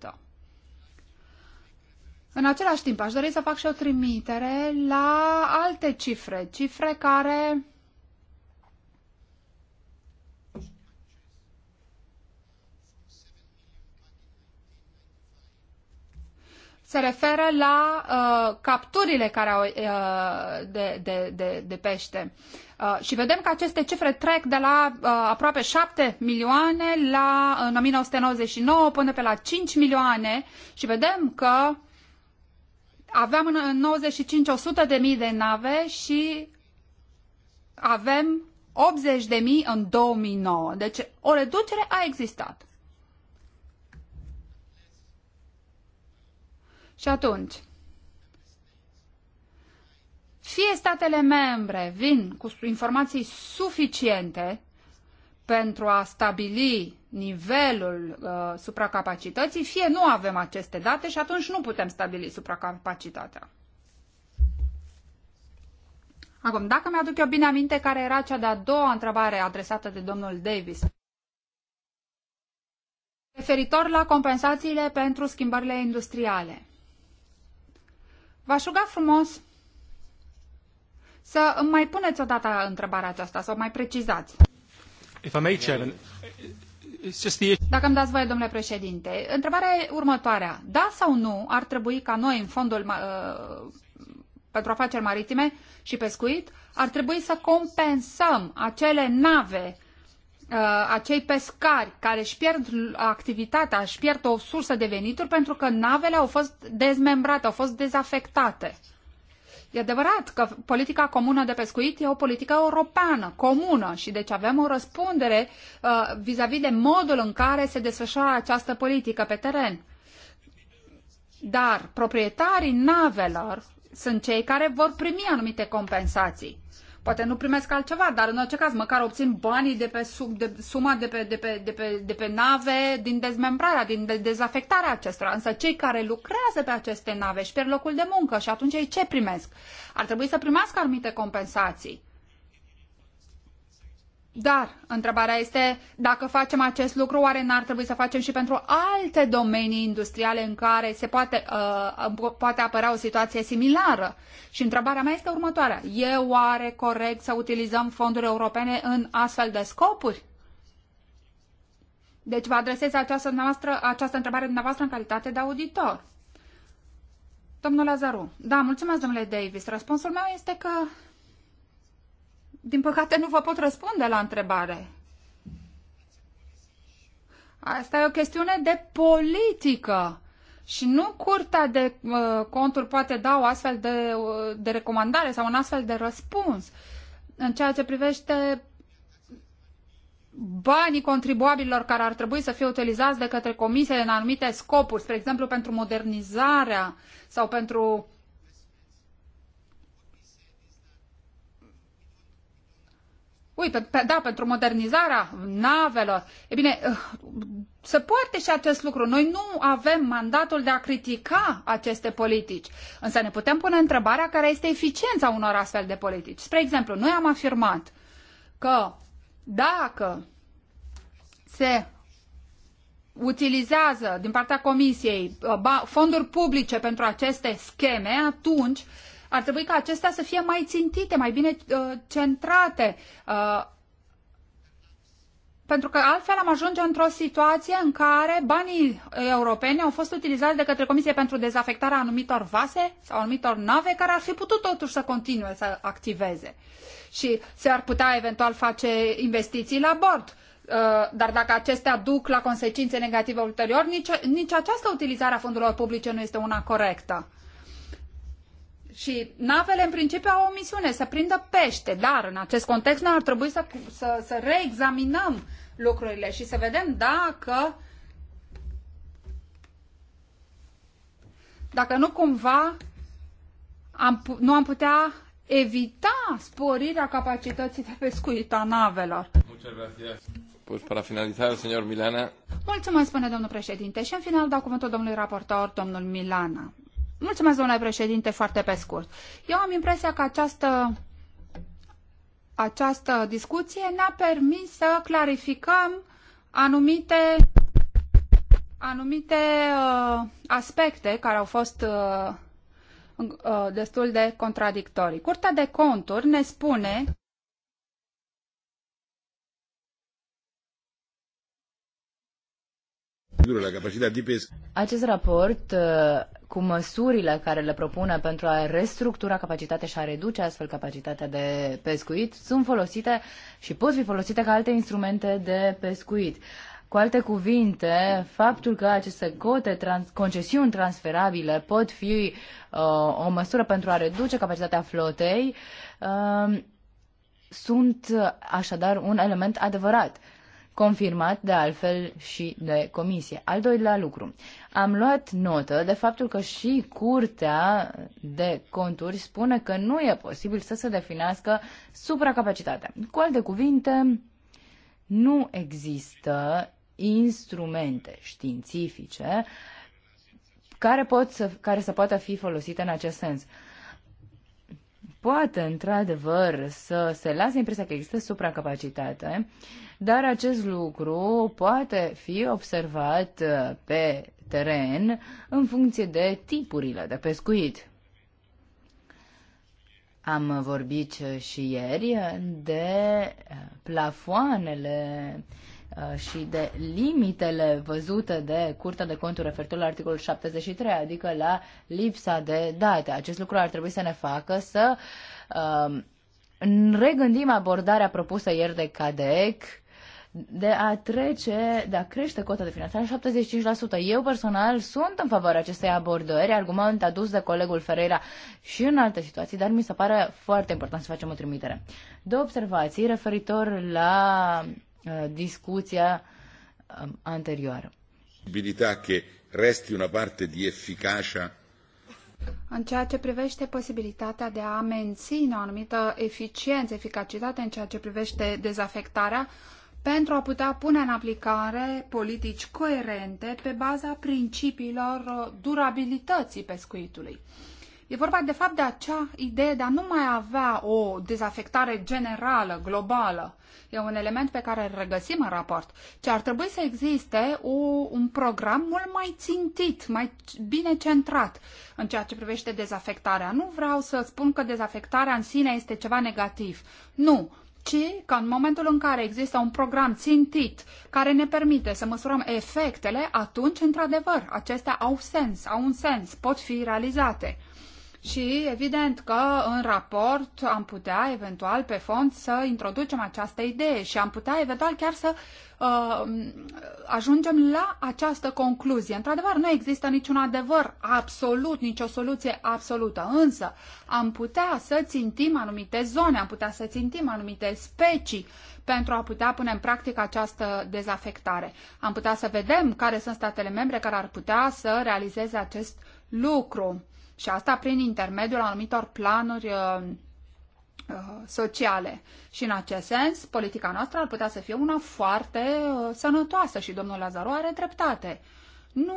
40%. În același timp, aș dori să fac și o trimitere la alte cifre, cifre care se referă la uh, capturile care au, uh, de, de, de, de pește. Uh, și vedem că aceste cifre trec de la uh, aproape 7 milioane la, în 1999 până pe la 5 milioane și vedem că aveam în 95 100 de mii de nave și avem 80 de mii în 2009. Deci o reducere a existat. Și atunci, fie statele membre vin cu informații suficiente pentru a stabili nivelul uh, supracapacității, fie nu avem aceste date și atunci nu putem stabili supracapacitatea. Acum, dacă mi-aduc eu bine aminte care era cea de-a doua întrebare adresată de domnul Davis, referitor la compensațiile pentru schimbările industriale. V-aș ruga frumos să îmi mai puneți o dată întrebarea aceasta, să o mai precizați. Dacă îmi dați voie, domnule președinte, întrebarea e următoarea. Da sau nu ar trebui ca noi, în fondul uh, pentru afaceri maritime și pescuit, ar trebui să compensăm acele nave uh, acei pescari care își pierd activitatea, își pierd o sursă de venituri pentru că navele au fost dezmembrate, au fost dezafectate. E adevărat că politica comună de pescuit e o politică europeană, comună, și deci avem o răspundere uh, vis-a-vis uh, -vis de modul în care se desfășoară această politică pe teren. Dar proprietarii navelor sunt cei care vor primi anumite compensații. Poate nu primesc altceva, dar în orice caz măcar obțin banii de pe sub, de, suma de pe, de, pe, de, pe, de pe nave din dezmembrarea, din de, dezafectarea acestora. Însă cei care lucrează pe aceste nave își pierd locul de muncă și atunci ei ce primesc? Ar trebui să primească anumite compensații. Dar întrebarea este dacă facem acest lucru, oare n-ar trebui să facem și pentru alte domenii industriale în care se poate, uh, poate apărea o situație similară? Și întrebarea mea este următoarea. E oare corect să utilizăm fonduri europene în astfel de scopuri? Deci vă adresez această, noastră, această întrebare dumneavoastră în calitate de auditor. Domnul Lazaru. Da, mulțumesc, domnule Davis. Răspunsul meu este că din păcate nu vă pot răspunde la întrebare. Asta e o chestiune de politică. Și nu curtea de uh, conturi poate da o astfel de, uh, de recomandare sau un astfel de răspuns. În ceea ce privește banii contribuabililor care ar trebui să fie utilizați de către comisie în anumite scopuri, spre exemplu pentru modernizarea sau pentru Uite, pe, da, pentru modernizarea navelor. E bine, eh, se poate și acest lucru. Noi nu avem mandatul de a critica aceste politici, însă ne putem pune întrebarea care este eficiența unor astfel de politici. Spre exemplu, noi am afirmat că dacă se utilizează din partea Comisiei eh, fonduri publice pentru aceste scheme, atunci ar trebui ca acestea să fie mai țintite, mai bine uh, centrate. Uh, pentru că altfel am ajunge într-o situație în care banii europeni au fost utilizați de către Comisie pentru dezafectarea anumitor vase sau anumitor nave care ar fi putut totuși să continue să activeze și se ar putea eventual face investiții la bord. Uh, dar dacă acestea duc la consecințe negative ulterior, nici, nici această utilizare a fondurilor publice nu este una corectă. Și navele, în principiu, au o misiune, să prindă pește, dar în acest context noi ar trebui să, să, să reexaminăm lucrurile și să vedem dacă dacă nu cumva am, nu am putea evita sporirea capacității de pescuit a navelor. Pues para finalizar, señor Milana. Mulțumesc, spune domnul președinte. Și în final dau cuvântul domnului raportor, domnul Milana. Mulțumesc, domnule președinte, foarte pe scurt. Eu am impresia că această, această discuție ne-a permis să clarificăm anumite, anumite uh, aspecte care au fost uh, uh, destul de contradictorii. Curtea de conturi ne spune Acest raport, uh, cu măsurile care le propune pentru a restructura capacitatea și a reduce astfel capacitatea de pescuit, sunt folosite și pot fi folosite ca alte instrumente de pescuit. Cu alte cuvinte, faptul că aceste cote, trans, concesiuni transferabile pot fi uh, o măsură pentru a reduce capacitatea flotei, uh, sunt uh, așadar un element adevărat. Uh, confirmat de altfel și de comisie. Al doilea lucru, am luat notă de faptul că și Curtea de Conturi spune că nu e posibil să se definească supracapacitatea. Cu alte cuvinte, nu există instrumente științifice care, pot să, care să poată fi folosite în acest sens poate într-adevăr să se lase impresia că există supracapacitate, dar acest lucru poate fi observat uh, pe teren în funcție de tipurile de pescuit. Am vorbit și ieri de uh, plafoanele uh, Uh, și de limitele văzute de Curtea de Conturi referitor la articolul 73, adică la lipsa de date. Acest lucru ar trebui să ne facă să uh, regândim abordarea propusă ieri de CADEC de a trece, de a crește cota de finanțare 75%. Eu personal sunt în favoarea acestei abordări, argument adus de colegul Ferreira și în alte situații, dar mi se pare foarte important să facem o trimitere. Două observații referitor la Uh, discuția um, anterioară. Posibilitatea că resti una parte de eficacia în ceea ce privește posibilitatea de a menține o anumită eficiență, eficacitate în ceea ce privește dezafectarea, pentru a putea pune în aplicare politici coerente pe baza principiilor uh, durabilității pescuitului. E vorba, de fapt, de acea idee de a nu mai avea o dezafectare generală, globală. E un element pe care îl regăsim în raport, ci ar trebui să existe o, un program mult mai țintit, mai bine centrat în ceea ce privește dezafectarea. Nu vreau să spun că dezafectarea în sine este ceva negativ. Nu, ci că în momentul în care există un program țintit care ne permite să măsurăm efectele, atunci, într-adevăr, acestea au sens, au un sens, pot fi realizate. Și evident că în raport am putea eventual pe fond să introducem această idee și am putea eventual chiar să uh, ajungem la această concluzie. Într-adevăr, nu există niciun adevăr absolut, nicio soluție absolută, însă am putea să țintim anumite zone, am putea să țintim anumite specii pentru a putea pune în practică această dezafectare. Am putea să vedem care sunt statele membre care ar putea să realizeze acest lucru și asta prin intermediul anumitor planuri uh, uh, sociale. Și în acest sens, politica noastră ar putea să fie una foarte uh, sănătoasă și domnul Lazaru are dreptate. Nu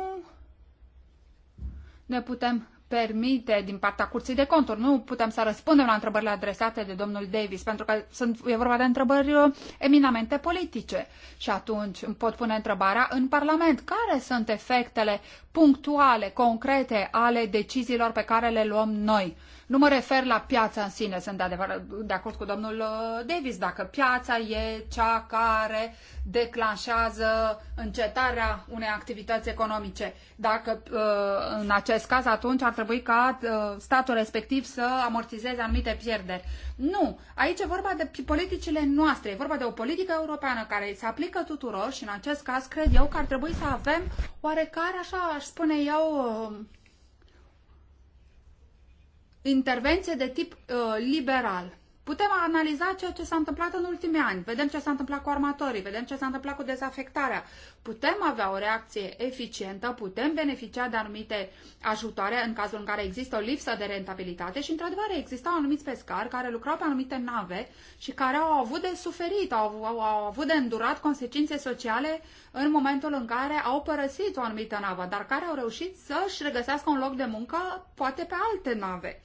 ne putem permite din partea Curții de Conturi. Nu putem să răspundem la întrebările adresate de domnul Davis, pentru că sunt, e vorba de întrebări uh, eminamente politice. Și atunci îmi pot pune întrebarea în Parlament, care sunt efectele punctuale, concrete ale deciziilor pe care le luăm noi? Nu mă refer la piața în sine, sunt de, adevărat, de acord cu domnul uh, Davis, dacă piața e cea care declanșează încetarea unei activități economice. Dacă uh, în acest caz atunci ar trebui ca uh, statul respectiv să amortizeze anumite pierderi. Nu, aici e vorba de politicile noastre, e vorba de o politică europeană care se aplică tuturor și în acest caz cred eu că ar trebui să avem oarecare, așa aș spune eu, intervenție de tip uh, liberal. Putem analiza ceea ce s-a întâmplat în ultimii ani, vedem ce s-a întâmplat cu armatorii, vedem ce s-a întâmplat cu dezafectarea. Putem avea o reacție eficientă, putem beneficia de anumite ajutoare în cazul în care există o lipsă de rentabilitate și, într-adevăr, existau anumiți pescari care lucrau pe anumite nave și care au avut de suferit, au, au, au avut de îndurat consecințe sociale în momentul în care au părăsit o anumită navă, dar care au reușit să-și regăsească un loc de muncă, poate pe alte nave.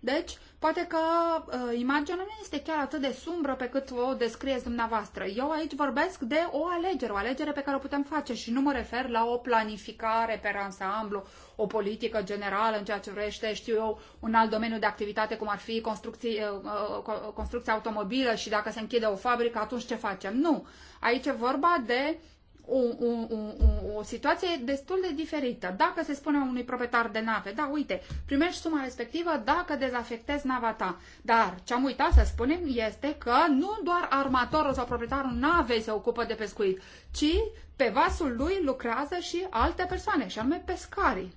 Deci, Poate că uh, imaginea nu este chiar atât de sumbră pe cât o descrieți dumneavoastră. Eu aici vorbesc de o alegere, o alegere pe care o putem face și nu mă refer la o planificare pe ansamblu, o politică generală în ceea ce vrește, știu eu, un alt domeniu de activitate, cum ar fi construcții, uh, uh construcția automobilă și dacă se închide o fabrică, atunci ce facem? Nu. Aici e vorba de uh, o, o, o, o situație destul de diferită. Dacă se spune unui proprietar de nave, da, uite, primești suma respectivă dacă dezafectezi nava ta. Dar ce am uitat să spunem este că nu doar armatorul sau proprietarul navei se ocupă de pescuit, ci pe vasul lui lucrează și alte persoane, și anume pescarii.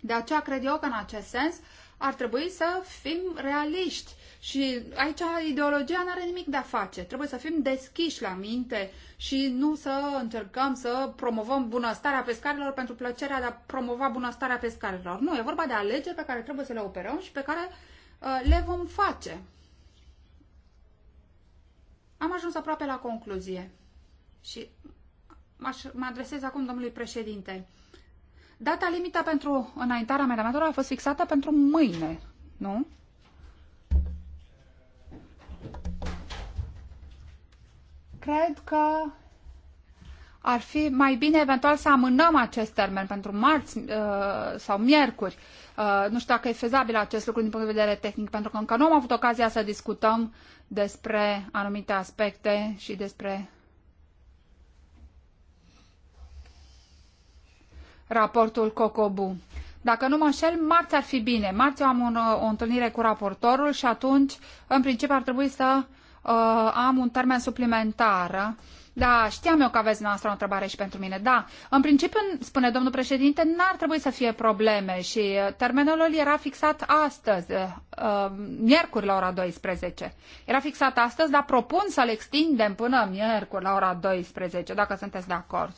De aceea cred eu că în acest sens ar trebui să fim realiști și aici ideologia nu are nimic de a face. Trebuie să fim deschiși la minte și nu să încercăm să promovăm bunăstarea pescarilor pentru plăcerea de a promova bunăstarea pescarilor. Nu, e vorba de alegeri pe care trebuie să le operăm și pe care uh, le vom face. Am ajuns aproape la concluzie și mă adresez acum domnului președinte. Data limită pentru înaintarea amendamentelor a fost fixată pentru mâine, nu? Cred că ar fi mai bine eventual să amânăm acest termen pentru marți uh, sau miercuri. Uh, nu știu dacă e fezabil acest lucru din punct de vedere tehnic, pentru că încă nu am avut ocazia să discutăm despre anumite aspecte și despre raportul COCOBU. Dacă nu mă înșel, marți ar fi bine. Marți am un, o întâlnire cu raportorul și atunci, în principiu, ar trebui să uh, uh, am un termen suplimentar. Da, știam eu că aveți noastră o întrebare și pentru mine. Da, în principiu, spune domnul președinte, n-ar trebui să fie probleme și uh, termenul era fixat astăzi, uh, uh miercuri la ora 12. Era fixat astăzi, dar propun să-l extindem până miercuri la ora 12, dacă sunteți de acord.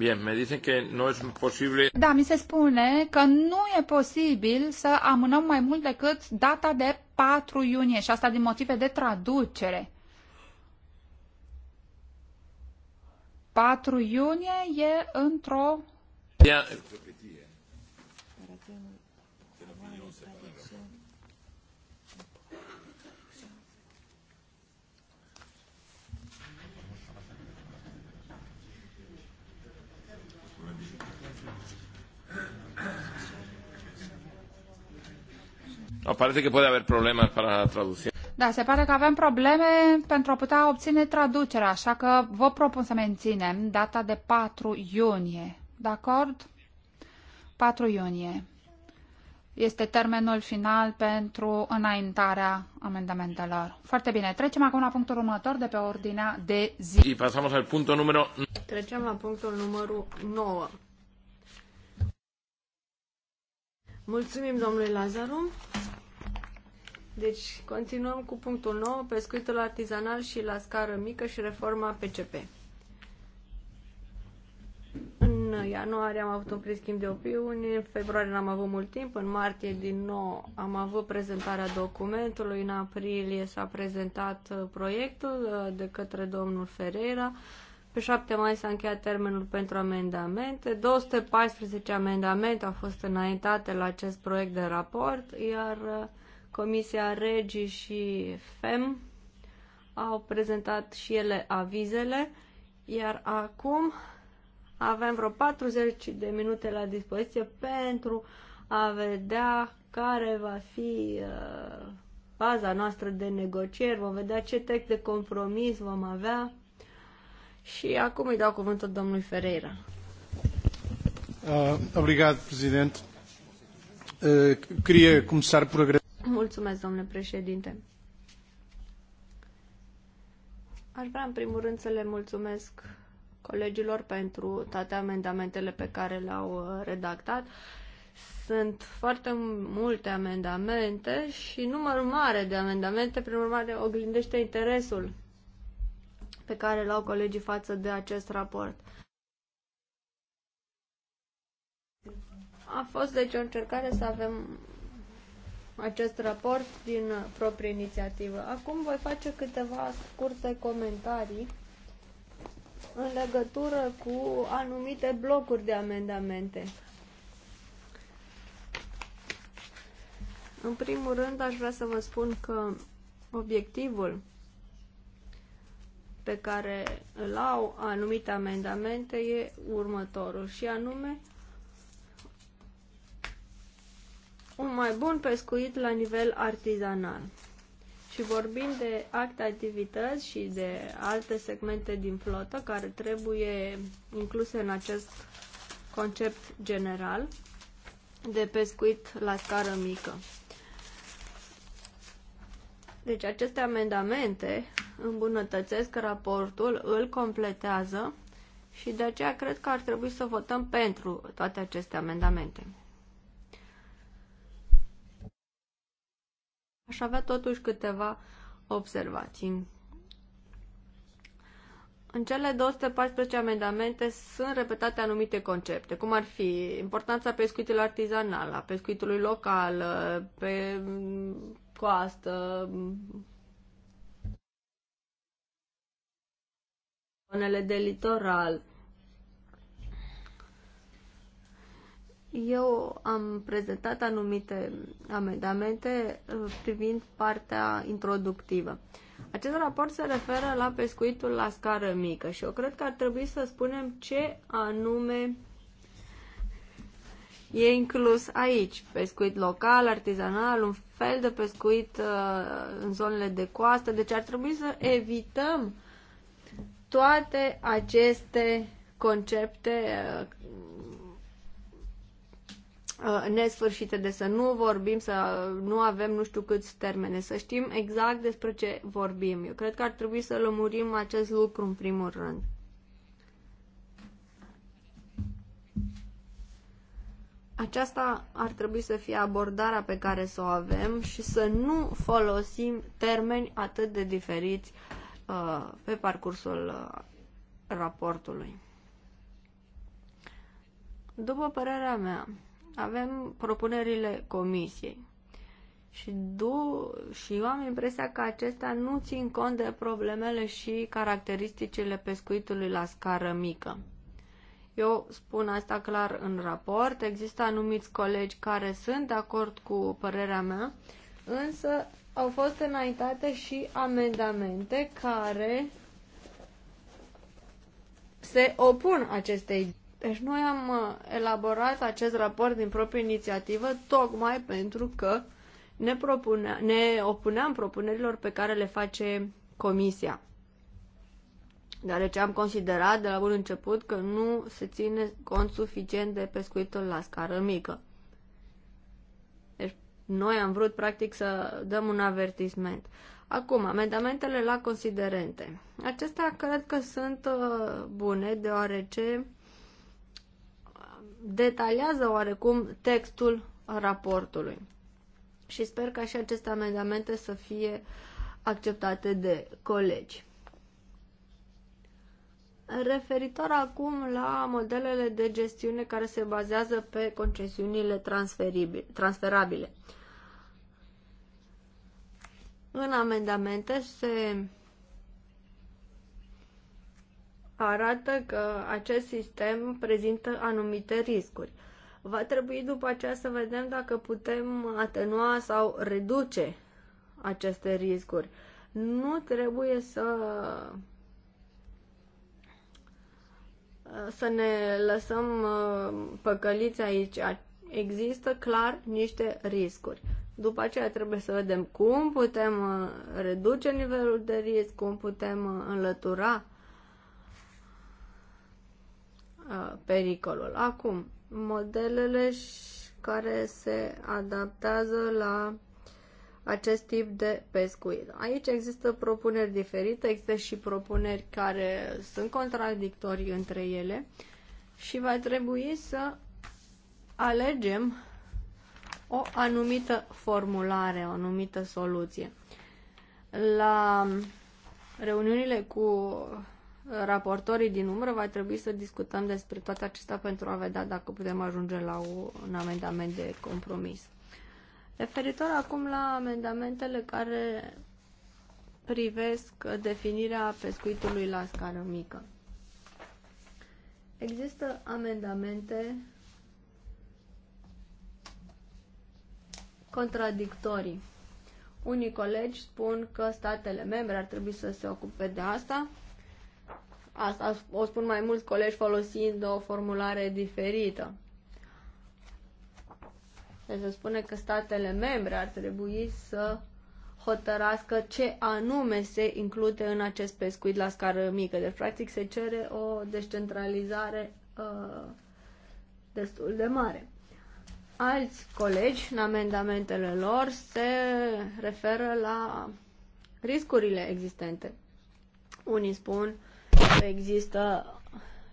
Bien, me dicen que no es posible... Da, mi se spune că nu e posibil să amânăm mai mult decât data de 4 iunie și asta din motive de traducere. 4 iunie e într-o... No, ah, parece că puede haber problemas para la traducción. Da, se pare că avem probleme pentru a putea obține traducerea, așa că vă propun să menținem data de 4 iunie. De acord? 4 iunie. Este termenul final pentru înaintarea amendamentelor. Foarte bine. Trecem acum la punctul următor de pe ordinea de zi. Și pasăm la punctul numărul... Trecem la punctul numărul 9. Mulțumim, domnului Lazaru. Deci, continuăm cu punctul 9, pescuitul artizanal și la scară mică și reforma PCP. În ianuarie am avut un prim schimb de opiuni, în februarie n-am avut mult timp, în martie din nou am avut prezentarea documentului, în aprilie s-a prezentat uh, proiectul uh, de către domnul Ferreira, pe 7 mai s-a încheiat termenul pentru amendamente. 214 amendamente au fost înaintate la acest proiect de raport, iar uh, Comisia Regii și FEM au prezentat și ele avizele, iar acum avem vreo 40 de minute la dispoziție pentru a vedea care va fi uh, baza noastră de negocieri, vom vedea ce text de compromis vom avea și acum îi dau cuvântul domnului Ferreira. Uh, obrigat, prezident. Uh, cum s-ar progresa. Mulțumesc, domnule președinte. Aș vrea, în primul rând, să le mulțumesc colegilor pentru toate amendamentele pe care le-au uh, redactat. Sunt foarte multe amendamente și numărul mare de amendamente, prin urmare, oglindește interesul pe care l-au colegii față de acest raport. A fost deci o încercare să avem acest raport din proprie inițiativă. Acum voi face câteva scurte comentarii în legătură cu anumite blocuri de amendamente. În primul rând, aș vrea să vă spun că obiectivul pe care îl au anumite amendamente e următorul și anume un mai bun pescuit la nivel artizanal. Și vorbim de acte activități și de alte segmente din flotă care trebuie incluse în acest concept general de pescuit la scară mică. Deci aceste amendamente îmbunătățesc raportul, îl completează și de aceea cred că ar trebui să votăm pentru toate aceste amendamente. Aș avea totuși câteva observații. În cele 214 amendamente sunt repetate anumite concepte, cum ar fi importanța pescuitului artizanal, a pescuitului local, pe coastă, zonele de litoral. Eu am prezentat anumite amendamente uh, privind partea introductivă. Acest raport se referă la pescuitul la scară mică și eu cred că ar trebui să spunem ce anume e inclus aici. Pescuit local, artizanal, un fel de pescuit uh, în zonele de coastă. Deci ar trebui să evităm toate aceste concepte uh, uh, nesfârșite, de să nu vorbim, să nu avem nu știu câți termene, să știm exact despre ce vorbim. Eu cred că ar trebui să lămurim acest lucru în primul rând. Aceasta ar trebui să fie abordarea pe care să o avem și să nu folosim termeni atât de diferiți uh, Uh, pe parcursul uh, raportului. După părerea mea, avem propunerile comisiei și, du- și eu am impresia că acestea nu țin cont de problemele și caracteristicile pescuitului la scară mică. Eu spun asta clar în raport, există anumiți colegi care sunt de acord cu părerea mea, însă au fost înaintate și amendamente care se opun acestei. Deci noi am uh, elaborat acest raport din proprie inițiativă tocmai pentru că ne, propunea, ne opuneam propunerilor pe care le face Comisia. Deoarece am considerat de la bun început că nu se ține cont suficient de pescuitul la scară mică. Noi am vrut, practic, să dăm un avertisment. Acum, amendamentele la considerente. Acestea cred că sunt uh, bune, deoarece uh, detaliază oarecum textul raportului. Și sper ca și aceste amendamente să fie acceptate de colegi. Referitor acum la modelele de gestiune care se bazează pe concesiunile transferabile. În amendamente se arată că acest sistem prezintă anumite riscuri. Va trebui după aceea să vedem dacă putem atenua sau reduce aceste riscuri. Nu trebuie să să ne lăsăm uh, păcăliți aici. Există clar niște riscuri. După aceea trebuie să vedem cum putem uh, reduce nivelul de risc, cum putem uh, înlătura uh, pericolul. Acum, modelele care se adaptează la acest tip de pescuit. Aici există propuneri diferite, există și propuneri care sunt contradictorii între ele și va trebui să alegem o anumită formulare, o anumită soluție. La reuniunile cu raportorii din umbră va trebui să discutăm despre toate acestea pentru a vedea dacă putem ajunge la un amendament de compromis. Referitor acum la amendamentele care privesc definirea pescuitului la scară mică. Există amendamente contradictorii. Unii colegi spun că statele membre ar trebui să se ocupe de asta. Asta o spun mai mulți colegi folosind o formulare diferită. Deci se spune că statele membre ar trebui să hotărască ce anume se include în acest pescuit la scară mică. Deci, practic, se cere o descentralizare uh, destul de mare. Alți colegi, în amendamentele lor, se referă la riscurile existente. Unii spun că există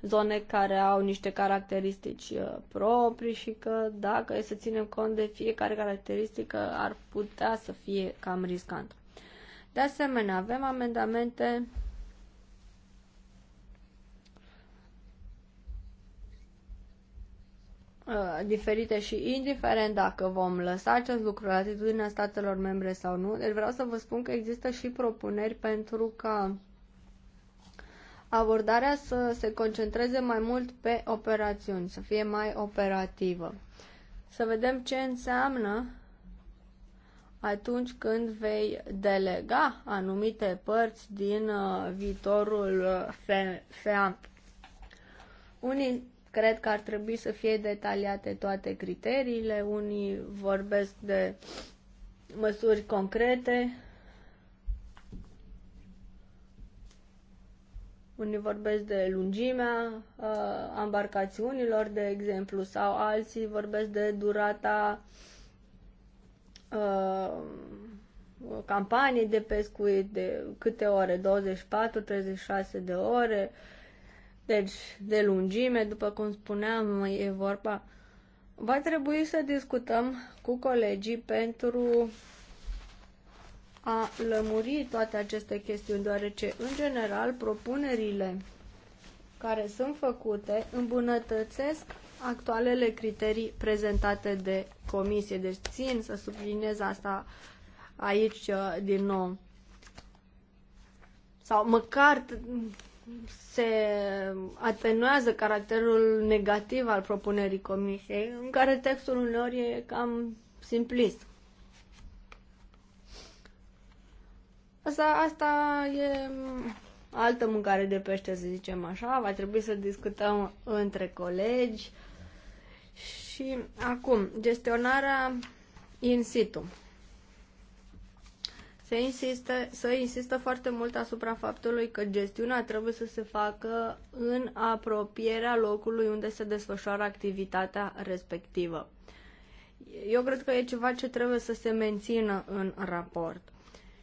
zone care au niște caracteristici uh, proprii și că dacă e să ținem cont de fiecare caracteristică ar putea să fie cam riscant. De asemenea, avem amendamente Uh, diferite și indiferent dacă vom lăsa acest lucru la atitudinea statelor membre sau nu, deci vreau să vă spun că există și propuneri pentru ca abordarea să se concentreze mai mult pe operațiuni, să fie mai operativă. Să vedem ce înseamnă atunci când vei delega anumite părți din uh, viitorul uh, FEAMP. Unii Cred că ar trebui să fie detaliate toate criteriile. Unii vorbesc de măsuri concrete, Unii vorbesc de lungimea uh, embarcațiunilor, de exemplu, sau alții vorbesc de durata uh, campaniei de pescuit, de câte ore, 24-36 de ore, deci, de lungime, după cum spuneam, e vorba. Va trebui să discutăm cu colegii pentru a lămuri toate aceste chestiuni, deoarece, în general, propunerile care sunt făcute îmbunătățesc actualele criterii prezentate de comisie. Deci țin să subliniez asta aici din nou. Sau măcar se atenuează caracterul negativ al propunerii comisiei, în care textul uneori e cam simplist. Asta, asta e altă mâncare de pește, să zicem așa. Va trebui să discutăm între colegi. Și acum, gestionarea in situ se insiste, se insistă foarte mult asupra faptului că gestiunea trebuie să se facă în apropierea locului unde se desfășoară activitatea respectivă. Eu cred că e ceva ce trebuie să se mențină în raport.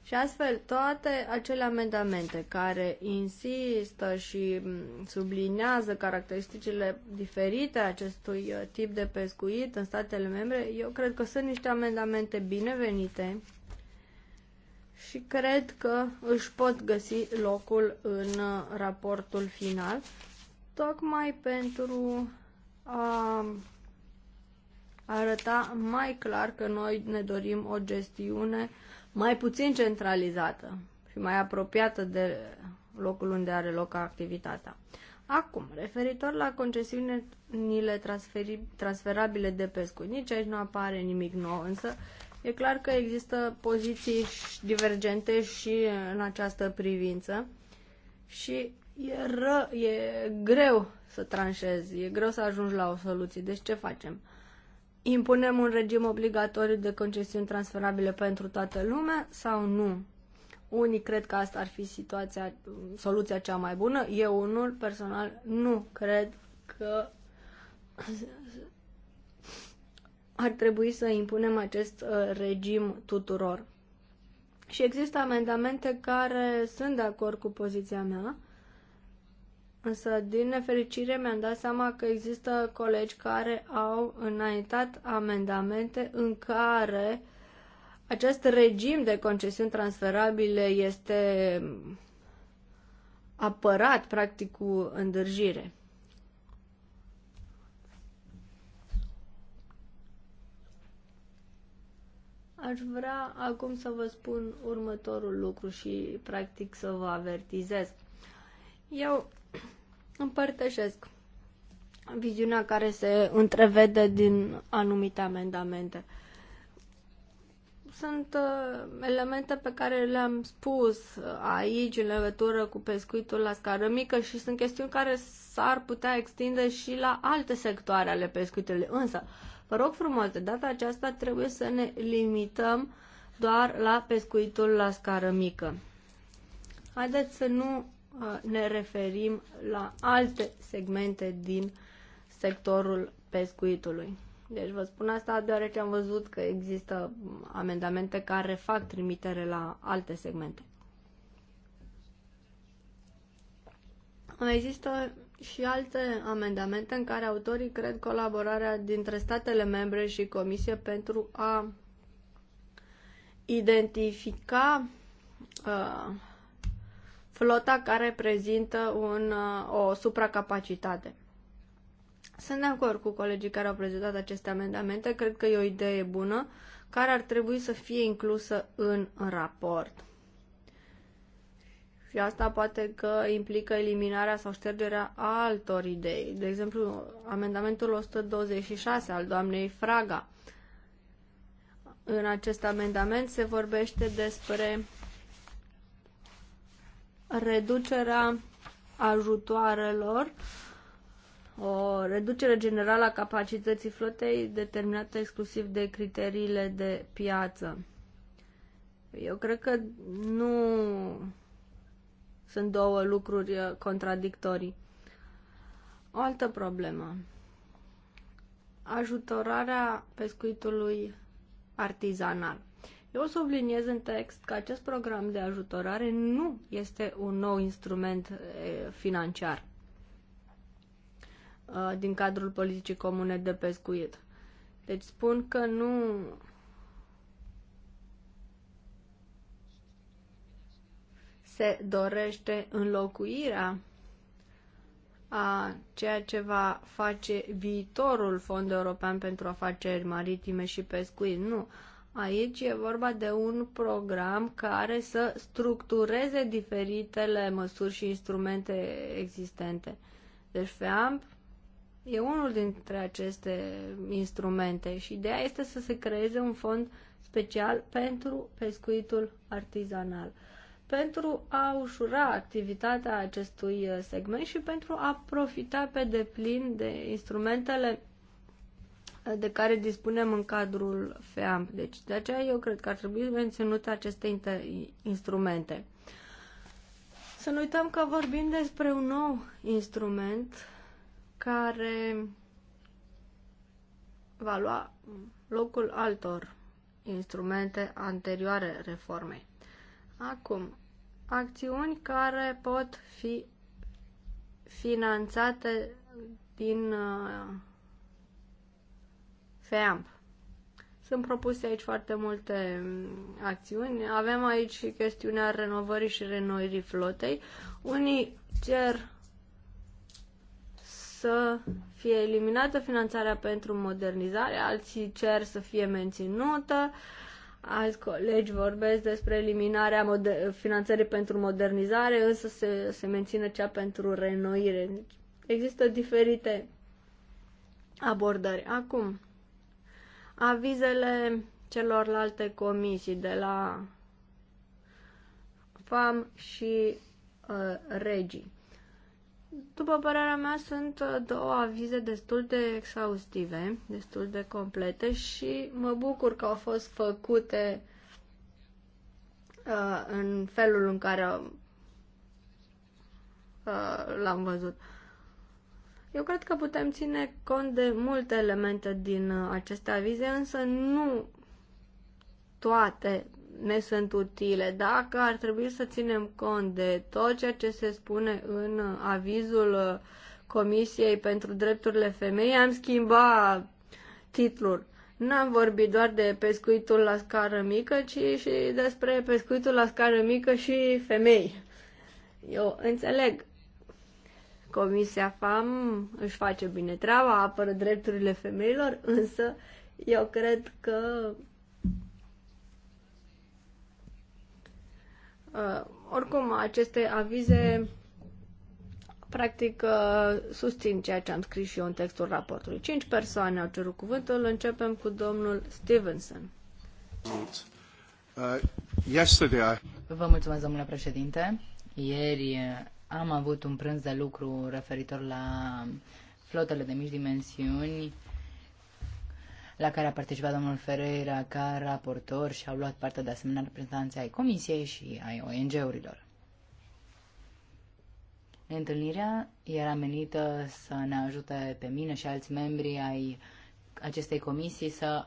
Și astfel, toate acele amendamente care insistă și mm, sublinează caracteristicile diferite acestui uh, tip de pescuit în statele membre, eu cred că sunt niște amendamente binevenite și cred că își pot găsi locul în uh, raportul final, tocmai pentru a arăta mai clar că noi ne dorim o gestiune mai puțin centralizată și mai apropiată de locul unde are loc activitatea. Acum, referitor la concesiunile transferabile de pescuit, nici aici nu apare nimic nou, însă E clar că există poziții divergente și în această privință și e, ră, e greu să tranșezi, e greu să ajungi la o soluție. Deci ce facem? Impunem un regim obligatoriu de concesiuni transferabile pentru toată lumea sau nu? Unii cred că asta ar fi situația, soluția cea mai bună. Eu unul personal nu cred că ar trebui să impunem acest uh, regim tuturor. Și există amendamente care sunt de acord cu poziția mea, însă din nefericire mi-am dat seama că există colegi care au înaintat amendamente în care acest regim de concesiuni transferabile este apărat practic cu îndârjire. Aș vrea acum să vă spun următorul lucru și practic să vă avertizez. Eu împărtășesc viziunea care se întrevede din anumite amendamente. Sunt uh, elemente pe care le-am spus uh, aici în legătură cu pescuitul la scară mică și sunt chestiuni care s-ar putea extinde și la alte sectoare ale pescuitului. Însă, uh, Vă rog frumos, de data aceasta trebuie să ne limităm doar la pescuitul la scară mică. Haideți să nu uh, ne referim la alte segmente din sectorul pescuitului. Deci vă spun asta deoarece am văzut că există mm, amendamente care fac trimitere la alte segmente. Există și alte amendamente în care autorii cred colaborarea dintre statele membre și Comisie pentru a identifica uh, flota care prezintă un, uh, o supracapacitate. Sunt de acord cu colegii care au prezentat aceste amendamente, cred că e o idee bună care ar trebui să fie inclusă în raport. Și asta poate că implică eliminarea sau ștergerea altor idei. De exemplu, amendamentul 126 al doamnei Fraga. În acest amendament se vorbește despre reducerea ajutoarelor, o reducere generală a capacității flotei determinată exclusiv de criteriile de piață. Eu cred că nu sunt două lucruri uh, contradictorii. O altă problemă. Ajutorarea pescuitului artizanal. Eu subliniez în text că acest program de ajutorare nu este un nou instrument uh, financiar uh, din cadrul politicii comune de pescuit. Deci spun că nu se dorește înlocuirea a ceea ce va face viitorul Fond European pentru Afaceri Maritime și Pescuit. Nu. Aici e vorba de un program care să structureze diferitele măsuri și instrumente existente. Deci FEAMP e unul dintre aceste instrumente și ideea este să se creeze un fond special pentru pescuitul artizanal pentru a ușura activitatea acestui uh, segment și pentru a profita pe deplin de instrumentele uh, de care dispunem în cadrul FEAMP. Deci, de aceea eu cred că ar trebui menționute aceste instrumente. Să nu uităm că vorbim despre un nou instrument care va lua locul altor instrumente anterioare reformei. Acum, acțiuni care pot fi finanțate din uh, FEAMP. Sunt propuse aici foarte multe mm, acțiuni. Avem aici chestiunea renovării și renoirii flotei. Unii cer să fie eliminată finanțarea pentru modernizare, alții cer să fie menținută. Uh, Alți colegi vorbesc despre eliminarea moder- finanțării pentru modernizare, însă se, se menține cea pentru renoire. Există diferite abordări. Acum, avizele celorlalte comisii de la FAM și uh, regii. După părerea mea, sunt uh, două avize destul de exhaustive, destul de complete și mă bucur că au fost făcute uh, în felul în care uh, l-am văzut. Eu cred că putem ține cont de multe elemente din uh, aceste avize, însă nu toate ne sunt utile, dacă ar trebui să ținem cont de tot ceea ce se spune în avizul Comisiei pentru Drepturile Femeii, am schimbat titlul. N-am vorbit doar de pescuitul la scară mică, ci și despre pescuitul la scară mică și femei. Eu înțeleg. Comisia FAM își face bine treaba, apără drepturile femeilor, însă eu cred că Uh, oricum, aceste avize practic uh, susțin ceea ce am scris și eu în textul raportului. Cinci persoane au cerut cuvântul. Începem cu domnul Stevenson. Uh, Vă mulțumesc, domnule președinte. Ieri uh, am avut un prânz de lucru referitor la flotele de mici dimensiuni la care a participat domnul Ferreira ca raportor și au luat parte de asemenea reprezentanții ai Comisiei și ai ONG-urilor. Întâlnirea era menită să ne ajute pe mine și alți membri ai acestei comisii să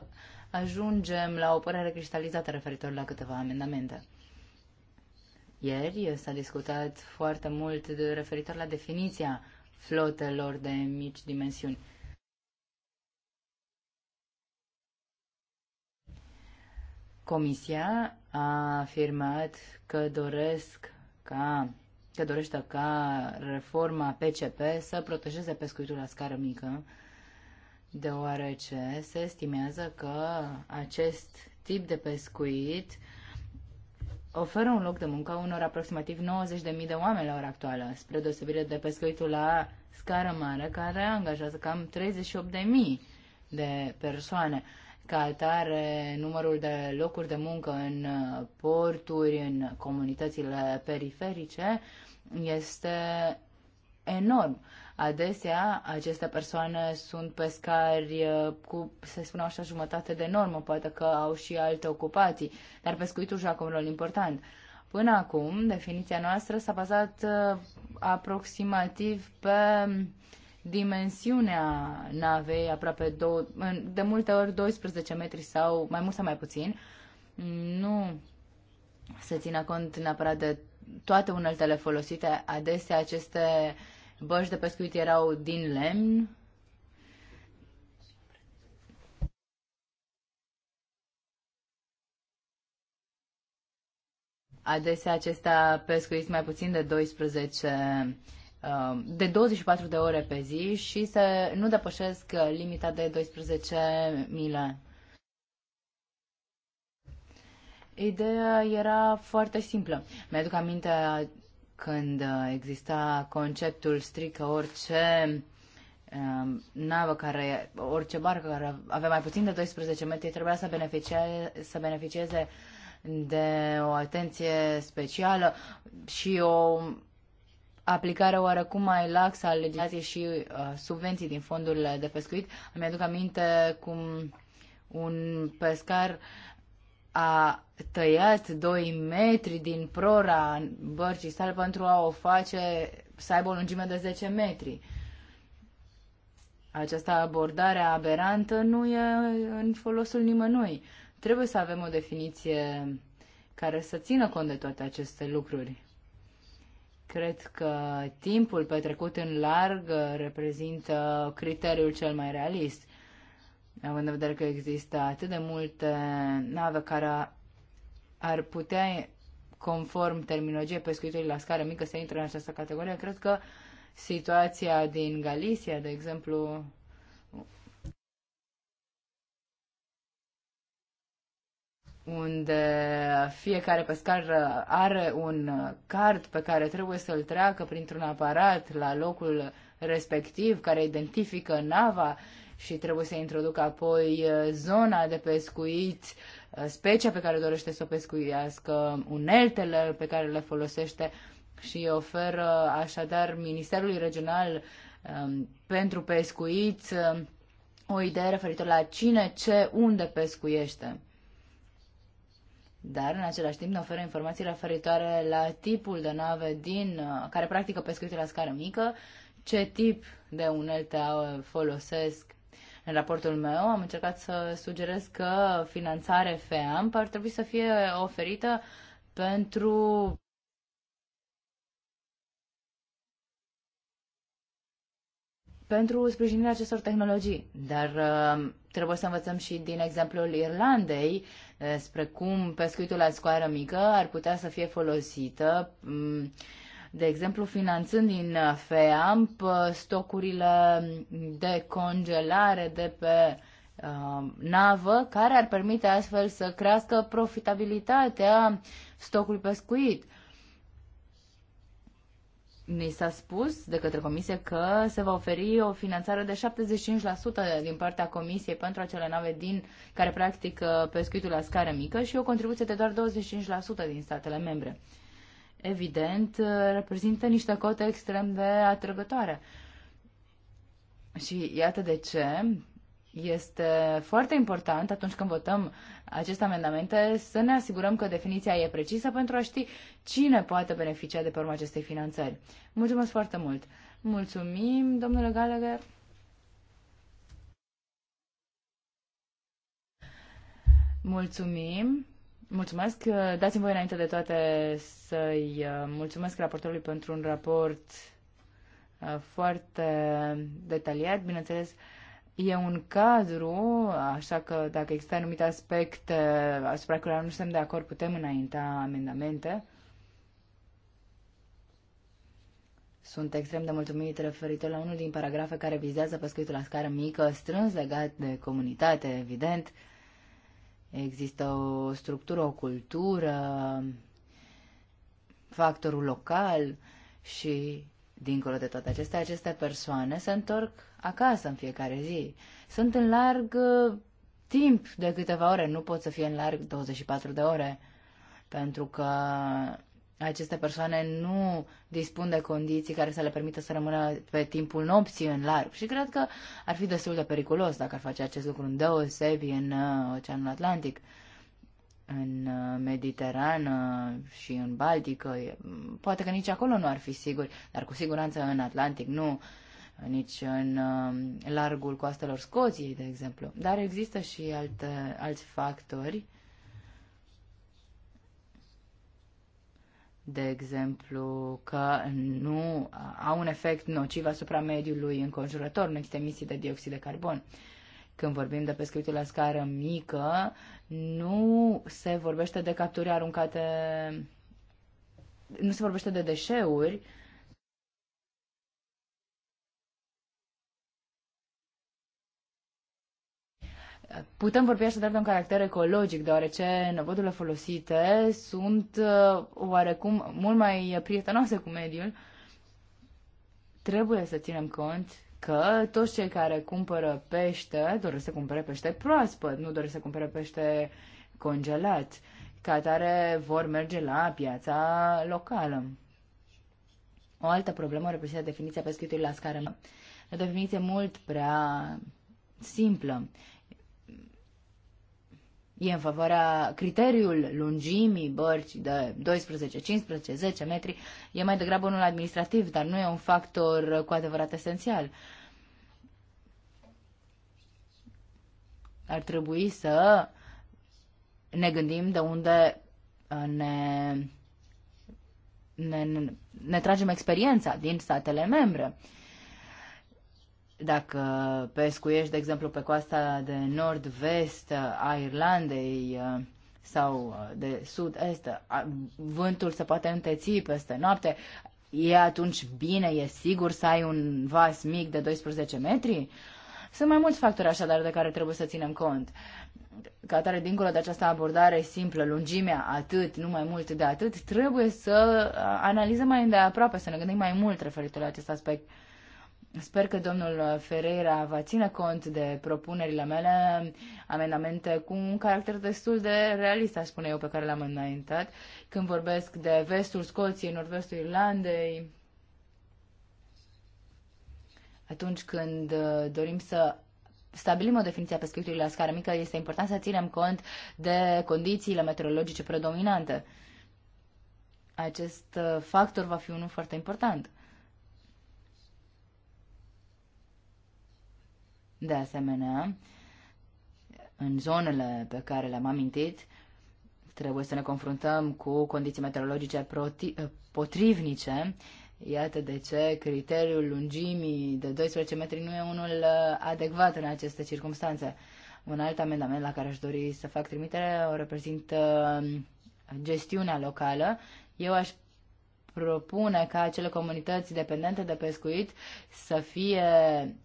ajungem la o părere cristalizată referitor la câteva amendamente. Ieri s-a discutat foarte mult referitor la definiția flotelor de mici dimensiuni. Comisia a afirmat că doresc ca că dorește ca reforma PCP să protejeze pescuitul la scară mică, deoarece se estimează că acest tip de pescuit oferă un loc de muncă unor aproximativ 90.000 de oameni la ora actuală, spre deosebire de pescuitul la scară mare, care angajează cam 38.000 de persoane. Ca atare, numărul de locuri de muncă în uh, porturi, în comunitățile periferice, este enorm. Adesea, aceste persoane sunt pescari uh, cu, să spunem așa, jumătate de normă, poate că au și alte ocupații, dar pescuitul joacă un rol important. Până acum, definiția noastră s-a bazat uh, aproximativ pe dimensiunea navei, aproape două, de multe ori 12 metri sau mai mult sau mai puțin, nu se ține cont neapărat de toate uneltele folosite. Adesea aceste băști de pescuit erau din lemn. Adesea acesta pescuit mai puțin de 12 Um, de 24 de ore pe zi și să nu depășesc uh, limita de 12.000. Ideea era foarte simplă. Mi-aduc aminte când uh, exista conceptul strict că orice um, navă care, orice barcă care avea mai puțin de 12 metri trebuia să beneficieze, să beneficieze de o atenție specială și o aplicarea oarecum mai laxă a legislației și uh, subvenții din fondurile de pescuit. Îmi aduc aminte cum un pescar a tăiat 2 metri din prora bărcii sale pentru a o face să aibă o lungime de 10 metri. Această abordare aberantă nu e în folosul nimănui. Trebuie să avem o definiție care să țină cont de toate aceste lucruri. Cred că timpul petrecut în larg uh, reprezintă criteriul cel mai realist, având în vedere că există atât de multe nave care ar putea, conform terminologiei pescuitului la scară mică, să intre în această categorie. Cred că situația din Galicia, de exemplu, unde fiecare pescar are un card pe care trebuie să-l treacă printr-un aparat la locul respectiv care identifică nava și trebuie să introducă apoi uh, zona de pescuit, uh, specia pe care dorește să o pescuiască, uneltele pe care le folosește și oferă așadar Ministerului Regional um, pentru Pescuit um, o idee referitor la cine, ce, unde pescuiește dar în același timp ne oferă informații referitoare la tipul de nave din, uh, care practică pescuitul la scară mică, ce tip de unelte uh, folosesc. În raportul meu am încercat să sugerez că finanțare FEAMP ar trebui să fie oferită pentru pentru sprijinirea acestor tehnologii. Dar uh, trebuie să învățăm și din exemplul Irlandei, despre cum pescuitul la scoară mică ar putea să fie folosită, mm, de exemplu, finanțând din FEAMP stocurile de congelare de pe uh, navă care ar permite astfel să crească profitabilitatea stocului pescuit. Ni s-a spus de către comisie că se va oferi o finanțare de 75% din partea comisiei pentru acele nave din care practică uh, pescuitul la scară mică și o contribuție de doar 25% din statele membre. Evident, uh, reprezintă niște cote extrem de atrăgătoare. Și iată de ce este foarte important atunci când votăm acest amendament să ne asigurăm că definiția e precisă pentru a ști cine poate beneficia de pe urma acestei finanțări. Mulțumesc foarte mult! Mulțumim, domnule Gallagher! Mulțumim! Mulțumesc! Dați-mi voi înainte de toate să-i uh, mulțumesc raportorului pentru un raport uh, foarte detaliat, bineînțeles, e un cadru, așa că dacă există anumite aspecte asupra care nu suntem de acord, putem înainta amendamente. Sunt extrem de mulțumit referitor la unul din paragrafe care vizează pescuitul la scară mică, strâns legat de comunitate, evident. Există o structură, o cultură, factorul local și, dincolo de toate acestea, aceste persoane se întorc acasă în fiecare zi. Sunt în larg uh, timp de câteva ore, nu pot să fie în larg 24 de ore, pentru că aceste persoane nu dispun de condiții care să le permită să rămână pe timpul nopții în larg. Și cred că ar fi destul de periculos dacă ar face acest lucru în deosebi în uh, Oceanul Atlantic, în uh, Mediterană și în Baltică. Poate că nici acolo nu ar fi sigur, dar cu siguranță în Atlantic nu. Uh, nici în um, largul coastelor Scoției, de exemplu. Dar există și alte, alți factori, de exemplu, că nu au un efect nociv asupra mediului înconjurător, nu există emisii de dioxid de carbon. Când vorbim de pescuitul la scară mică, nu se vorbește de capturi aruncate, nu se vorbește de deșeuri, Putem vorbi așadar de un caracter ecologic, deoarece năvodurile folosite sunt uh, oarecum mult mai prietenoase cu mediul. Trebuie să ținem cont că toți cei care cumpără pește doresc să cumpere pește proaspăt, nu doresc să cumpere pește congelat. Ca atare vor merge la piața locală. O altă problemă reprezintă definiția pescuitului la scară. O definiție mult prea simplă e în favoarea criteriul lungimii bărci de 12, 15, 10 metri, e mai degrabă unul administrativ, dar nu e un factor cu adevărat esențial. Ar trebui să ne gândim de unde uh, ne, ne, ne tragem experiența din statele membre. Dacă pescuiești, de exemplu, pe coasta de nord-vest a Irlandei uh, sau uh, de sud-est, uh, vântul se poate înteți peste noapte, e atunci bine, e sigur să ai un vas mic de 12 metri? Sunt mai mulți factori așadar de care trebuie să ținem cont. Ca atare, dincolo de această abordare simplă, lungimea atât, nu mai mult de atât, trebuie să analizăm mai îndeaproape, să ne gândim mai mult referitor la acest aspect. Sper că domnul Ferreira va ține cont de propunerile mele, amendamente cu un caracter destul de realist, aș spune eu, pe care l am înaintat. Când vorbesc de vestul Scoției, nord-vestul Irlandei, atunci când uh, dorim să stabilim o definiție a pescuitului la scară mică, este important să ținem cont de condițiile meteorologice predominante. Acest uh, factor va fi unul foarte important. De asemenea, în zonele pe care le-am amintit, trebuie să ne confruntăm cu condiții meteorologice potrivnice. Iată de ce criteriul lungimii de 12 metri nu e unul uh, adecvat în aceste circunstanțe. Un alt amendament la care aș dori să fac trimitere o reprezintă uh, gestiunea locală. Eu aș propune ca acele comunități dependente de pescuit să fie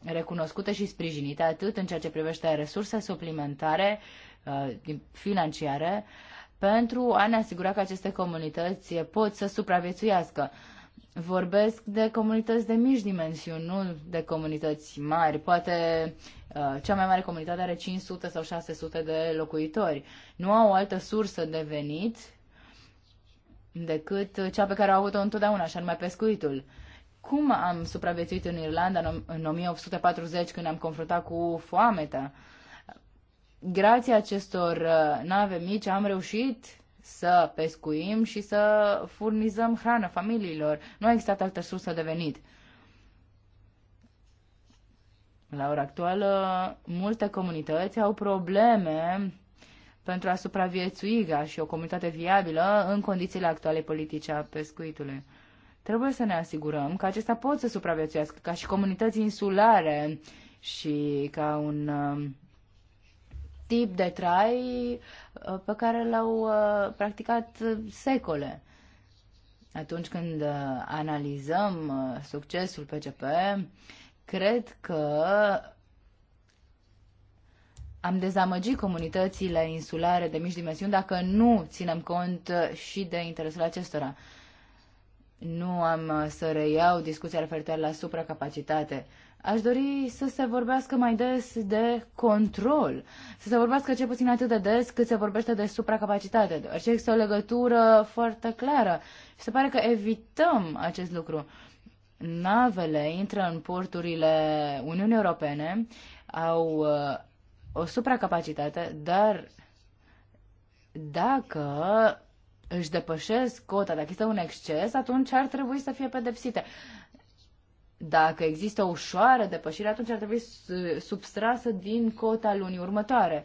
recunoscute și sprijinite atât în ceea ce privește resurse suplimentare uh, financiare pentru a ne asigura că aceste comunități pot să supraviețuiască. Vorbesc de comunități de mici dimensiuni, nu de comunități mari. Poate uh, cea mai mare comunitate are 500 sau 600 de locuitori. Nu au o altă sursă de venit decât cea pe care au avut-o întotdeauna, așa numai pescuitul. Cum am supraviețuit în Irlanda în 1840 când am confruntat cu foamea? Grație acestor uh, nave mici am reușit să pescuim și să furnizăm hrană familiilor. Nu a existat altă sursă de venit. La ora actuală, multe comunități au probleme pentru a supraviețui ca și o comunitate viabilă în condițiile actuale politice a pescuitului. Trebuie să ne asigurăm că acesta pot să supraviețuiască ca și comunități insulare și ca un um, tip de trai uh, pe care l-au uh, practicat secole. Atunci când uh, analizăm succesul PCP, cred că am dezamăgit comunitățile insulare de mici dimensiuni dacă nu ținem cont uh, și de interesul acestora. Nu am uh, să reiau discuția referitoare la supracapacitate. Aș dori să se vorbească mai des de control, să se vorbească cel puțin atât de des cât se vorbește de supracapacitate, deoarece există o legătură foarte clară și se pare că evităm acest lucru. Navele intră în porturile Uniunii Europene, au uh, o supracapacitate, dar dacă își depășesc cota, dacă este un exces, atunci ar trebui să fie pedepsite. Dacă există o ușoară depășire, atunci ar trebui substrasă din cota lunii următoare.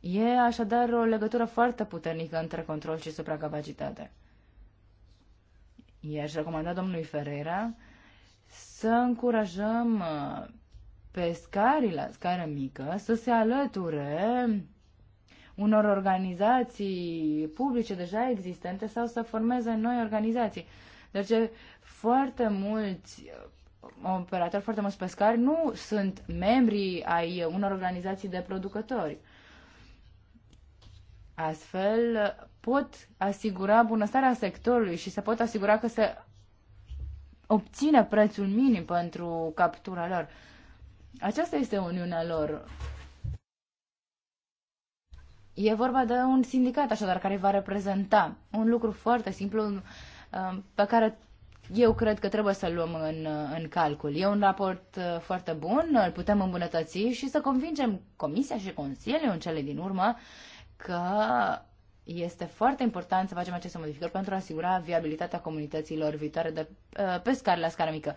E așadar o legătură foarte puternică între control și supracapacitate. I-aș recomanda domnului Ferreira să încurajăm uh, pe pescarii la scară mică să se alăture unor organizații publice deja existente sau să formeze noi organizații. Deci foarte mulți uh, operatori, foarte mulți pescari nu sunt membri ai unor organizații de producători. Astfel pot asigura bunăstarea sectorului și se pot asigura că se obține prețul minim pentru captura lor. Aceasta este uniunea lor. E vorba de un sindicat, așadar, care va reprezenta. Un lucru foarte simplu um, pe care eu cred că trebuie să-l luăm în, în calcul. E un raport uh, foarte bun, îl putem îmbunătăți și să convingem Comisia și Consiliul în cele din urmă că este foarte important să facem aceste modificări pentru a asigura viabilitatea comunităților viitoare de uh, scară la scară mică.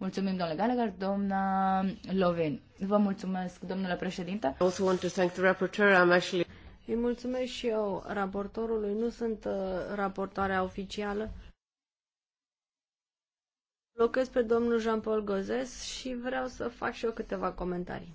Mulțumim, domnule Gallagher, doamna Lovin. Vă mulțumesc, domnule președinte. Also want to thank the rapporteur. I'm actually... Îi mulțumesc și eu raportorului. Nu sunt uh, raportoarea oficială. Locuiesc pe domnul Jean-Paul Gozes și vreau să fac și eu câteva comentarii.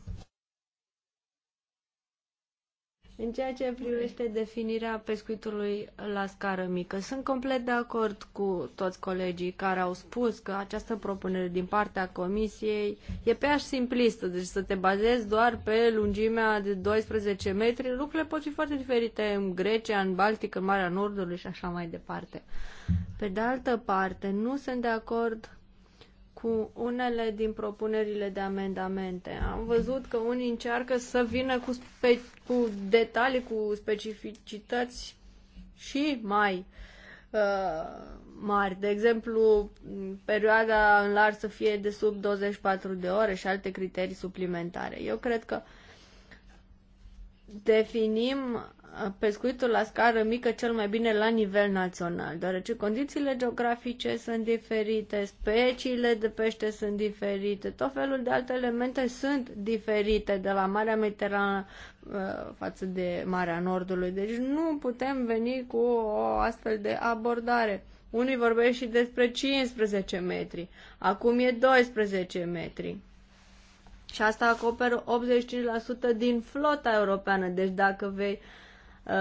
În ceea ce privește definirea pescuitului la scară mică, sunt complet de acord cu toți colegii care au spus că această propunere din partea Comisiei e pe aș simplistă, deci să te bazezi doar pe lungimea de 12 metri, lucrurile pot fi foarte diferite în Grecia, în Baltic, în Marea Nordului și așa mai departe. Pe de altă parte, nu sunt de acord cu unele din propunerile de amendamente. Am văzut că unii încearcă să vină cu spe- cu detalii, cu specificități și mai uh, mari. De exemplu, perioada în lar să fie de sub 24 de ore și alte criterii suplimentare. Eu cred că definim pescuitul la scară mică cel mai bine la nivel național, deoarece condițiile geografice sunt diferite, speciile de pește sunt diferite, tot felul de alte elemente sunt diferite de la Marea Mediterană uh, față de Marea Nordului. Deci nu putem veni cu o astfel de abordare. Unii vorbesc și despre 15 metri, acum e 12 metri. Și asta acoperă 85% din flota europeană. Deci dacă vei uh, Uh,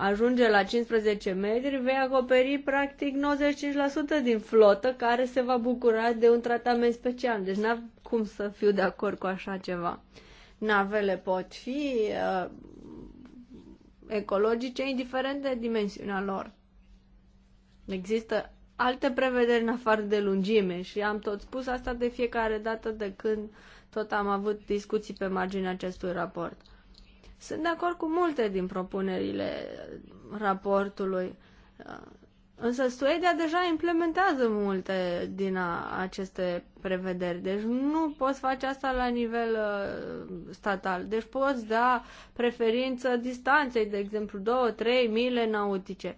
ajunge la 15 metri, vei acoperi practic 95% din flotă care se va bucura de un tratament special. Deci n-am cum să fiu de acord cu așa ceva. Navele pot fi uh, ecologice, indiferent de dimensiunea lor. Există alte prevederi în afară de lungime și am tot spus asta de fiecare dată de când tot am avut discuții pe marginea acestui raport. Sunt de acord cu multe din propunerile raportului, însă Suedia deja implementează multe din a, aceste prevederi, deci nu poți face asta la nivel uh, statal. Deci poți da preferință distanței, de exemplu 2-3 mile nautice.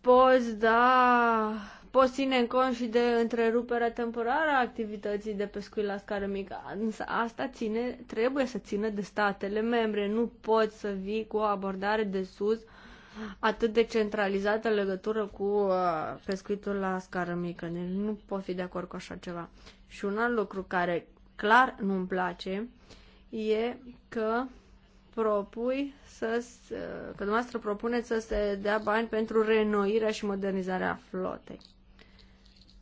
Poți da poți ține în cont și de întreruperea temporară a activității de pescuit la scară mică. Însă asta ține, trebuie să țină de statele membre. Nu poți să vii cu o abordare de sus atât de centralizată în legătură cu uh, pescuitul la scară mică. Deci nu pot fi de acord cu așa ceva. Și un alt lucru care clar nu-mi place e că propui să, că dumneavoastră propuneți să se dea bani pentru renoirea și modernizarea flotei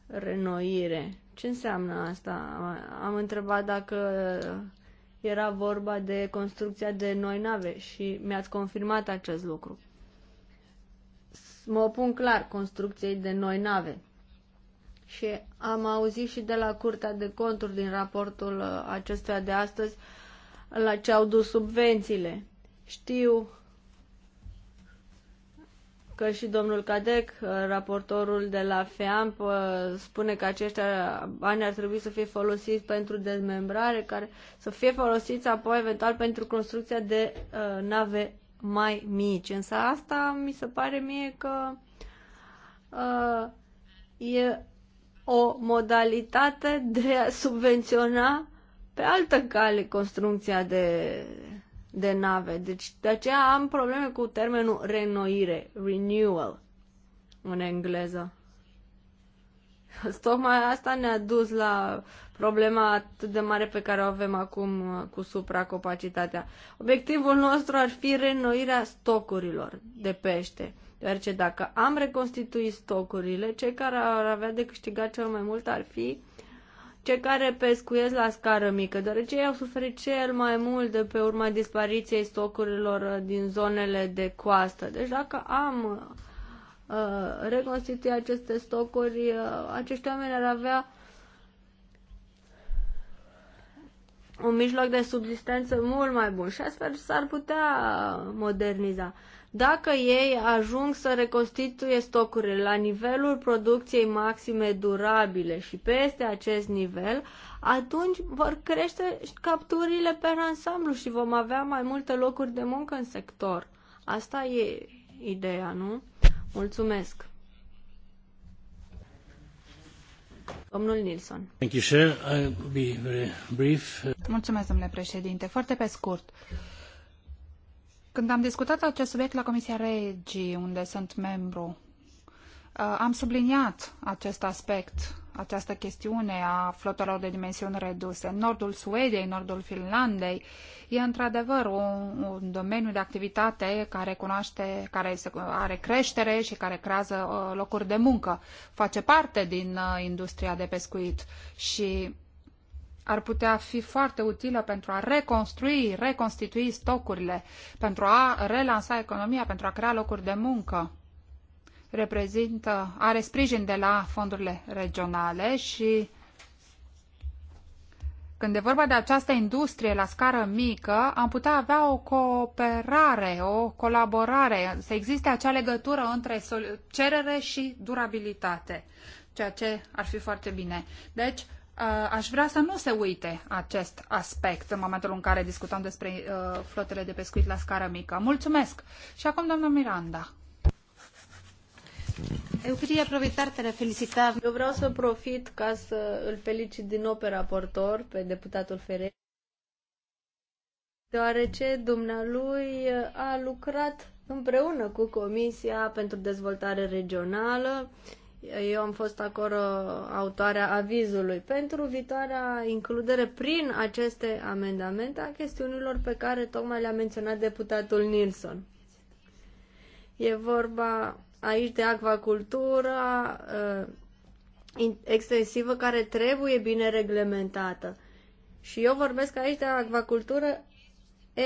renoire. Ce înseamnă asta? Am întrebat dacă era vorba de construcția de noi nave și mi-ați confirmat acest lucru. Mă opun clar construcției de noi nave. Și am auzit și de la Curtea de Conturi din raportul acestuia de astăzi la ce au dus subvențiile. Știu că și domnul Cadec, uh, raportorul de la FEAMP, uh, spune că aceștia uh, bani ar trebui să fie folosiți pentru dezmembrare, care să fie folosiți apoi eventual pentru construcția de nave mai mici. Însă asta mi se pare mie că e o modalitate de a subvenționa pe altă cale construcția de de nave. Deci de aceea am probleme cu termenul renoire, renewal în engleză. Tocmai asta ne-a dus la problema atât de mare pe care o avem acum uh, cu supracopacitatea. Obiectivul nostru ar fi renoirea stocurilor de pește. Deoarece dacă am reconstituit stocurile, cei care ar avea de câștigat cel mai mult ar fi cei care pescuiesc la scară mică, deoarece ei au suferit cel mai mult de pe urma dispariției stocurilor uh, din zonele de coastă. Deci dacă am uh, reconstituit aceste stocuri, uh, acești oameni ar avea un mijloc de subsistență mult mai bun și astfel s-ar putea uh, moderniza dacă ei ajung să reconstituie stocurile la nivelul producției maxime durabile și peste acest nivel, atunci vor crește capturile pe ansamblu și vom avea mai multe locuri de muncă în sector. Asta e ideea, nu? Mulțumesc! Domnul Nilsson. Mulțumesc, domnule președinte. Foarte pe scurt. Când am discutat acest subiect la Comisia Regii, unde sunt membru, uh, am subliniat acest aspect, această chestiune a flotelor de dimensiuni reduse. Nordul Suediei, nordul Finlandei e într-adevăr un, un domeniu de activitate care cunoaște, care are creștere și care creează uh, locuri de muncă. Face parte din uh, industria de pescuit și ar putea fi foarte utilă pentru a reconstrui, reconstitui stocurile, pentru a relansa economia, pentru a crea locuri de muncă. Reprezintă, are sprijin de la fondurile regionale și când e vorba de această industrie la scară mică, am putea avea o cooperare, o colaborare, să existe acea legătură între cerere și durabilitate, ceea ce ar fi foarte bine. Deci, Uh, aș vrea să nu se uite acest aspect în momentul în care discutăm despre uh, flotele de pescuit la scară mică. Mulțumesc! Și acum, doamna Miranda. Eu queria aproveitar para felicitar. Eu vreau să profit ca să îl felicit din nou pe raportor, pe deputatul Ferre, deoarece dumnealui a lucrat împreună cu Comisia pentru Dezvoltare Regională eu am fost acolo autoarea avizului pentru viitoarea includere prin aceste amendamente a chestiunilor pe care tocmai le-a menționat deputatul Nilsson. E vorba aici de acvacultura uh, extensivă care trebuie bine reglementată. Și eu vorbesc aici de acvacultură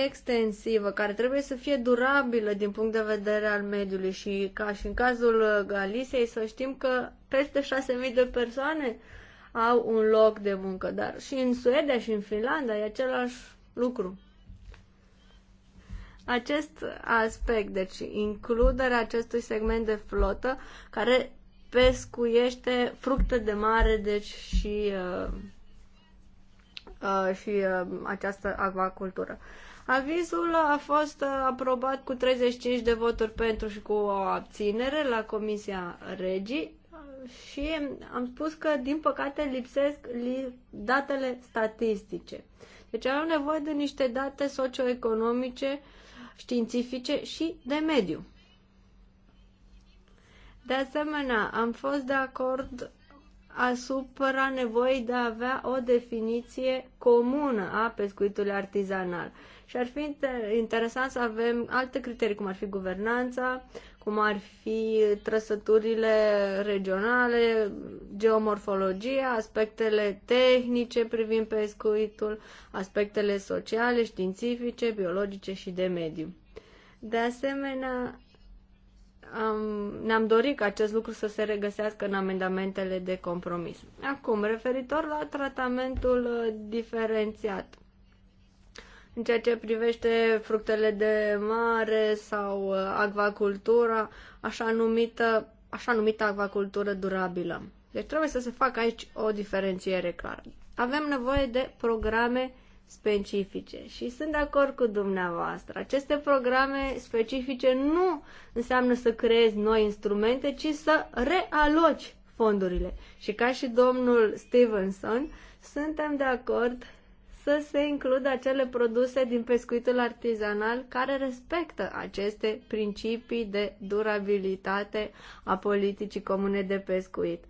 extensivă, care trebuie să fie durabilă din punct de vedere al mediului și ca și în cazul Galisiei să știm că peste 6.000 de persoane au un loc de muncă, dar și în Suedia și în Finlanda e același lucru. Acest aspect, deci includerea acestui segment de flotă care pescuiește fructe de mare, deci și, uh, uh, și uh, această acvacultură. Uh, Avizul a fost uh, aprobat cu 35 de voturi pentru și cu o abținere la Comisia Regii și am spus că, din păcate, lipsesc datele statistice. Deci avem nevoie de niște date socioeconomice, științifice și de mediu. De asemenea, am fost de acord asupra nevoii de a avea o definiție comună a pescuitului artizanal. Și ar fi interesant să avem alte criterii, cum ar fi guvernanța, cum ar fi trăsăturile regionale, geomorfologia, aspectele tehnice privind pescuitul, aspectele sociale, științifice, biologice și de mediu. De asemenea, am, ne-am dorit ca acest lucru să se regăsească în amendamentele de compromis. Acum, referitor la tratamentul uh, diferențiat în ceea ce privește fructele de mare sau uh, acvacultura, așa numită, așa numită acvacultură durabilă. Deci trebuie să se facă aici o diferențiere clară. Avem nevoie de programe specifice și sunt de acord cu dumneavoastră. Aceste programe specifice nu înseamnă să creezi noi instrumente, ci să realoci fondurile. Și ca și domnul Stevenson, suntem de acord să se includă acele produse din pescuitul artizanal care respectă aceste principii de durabilitate a politicii comune de pescuit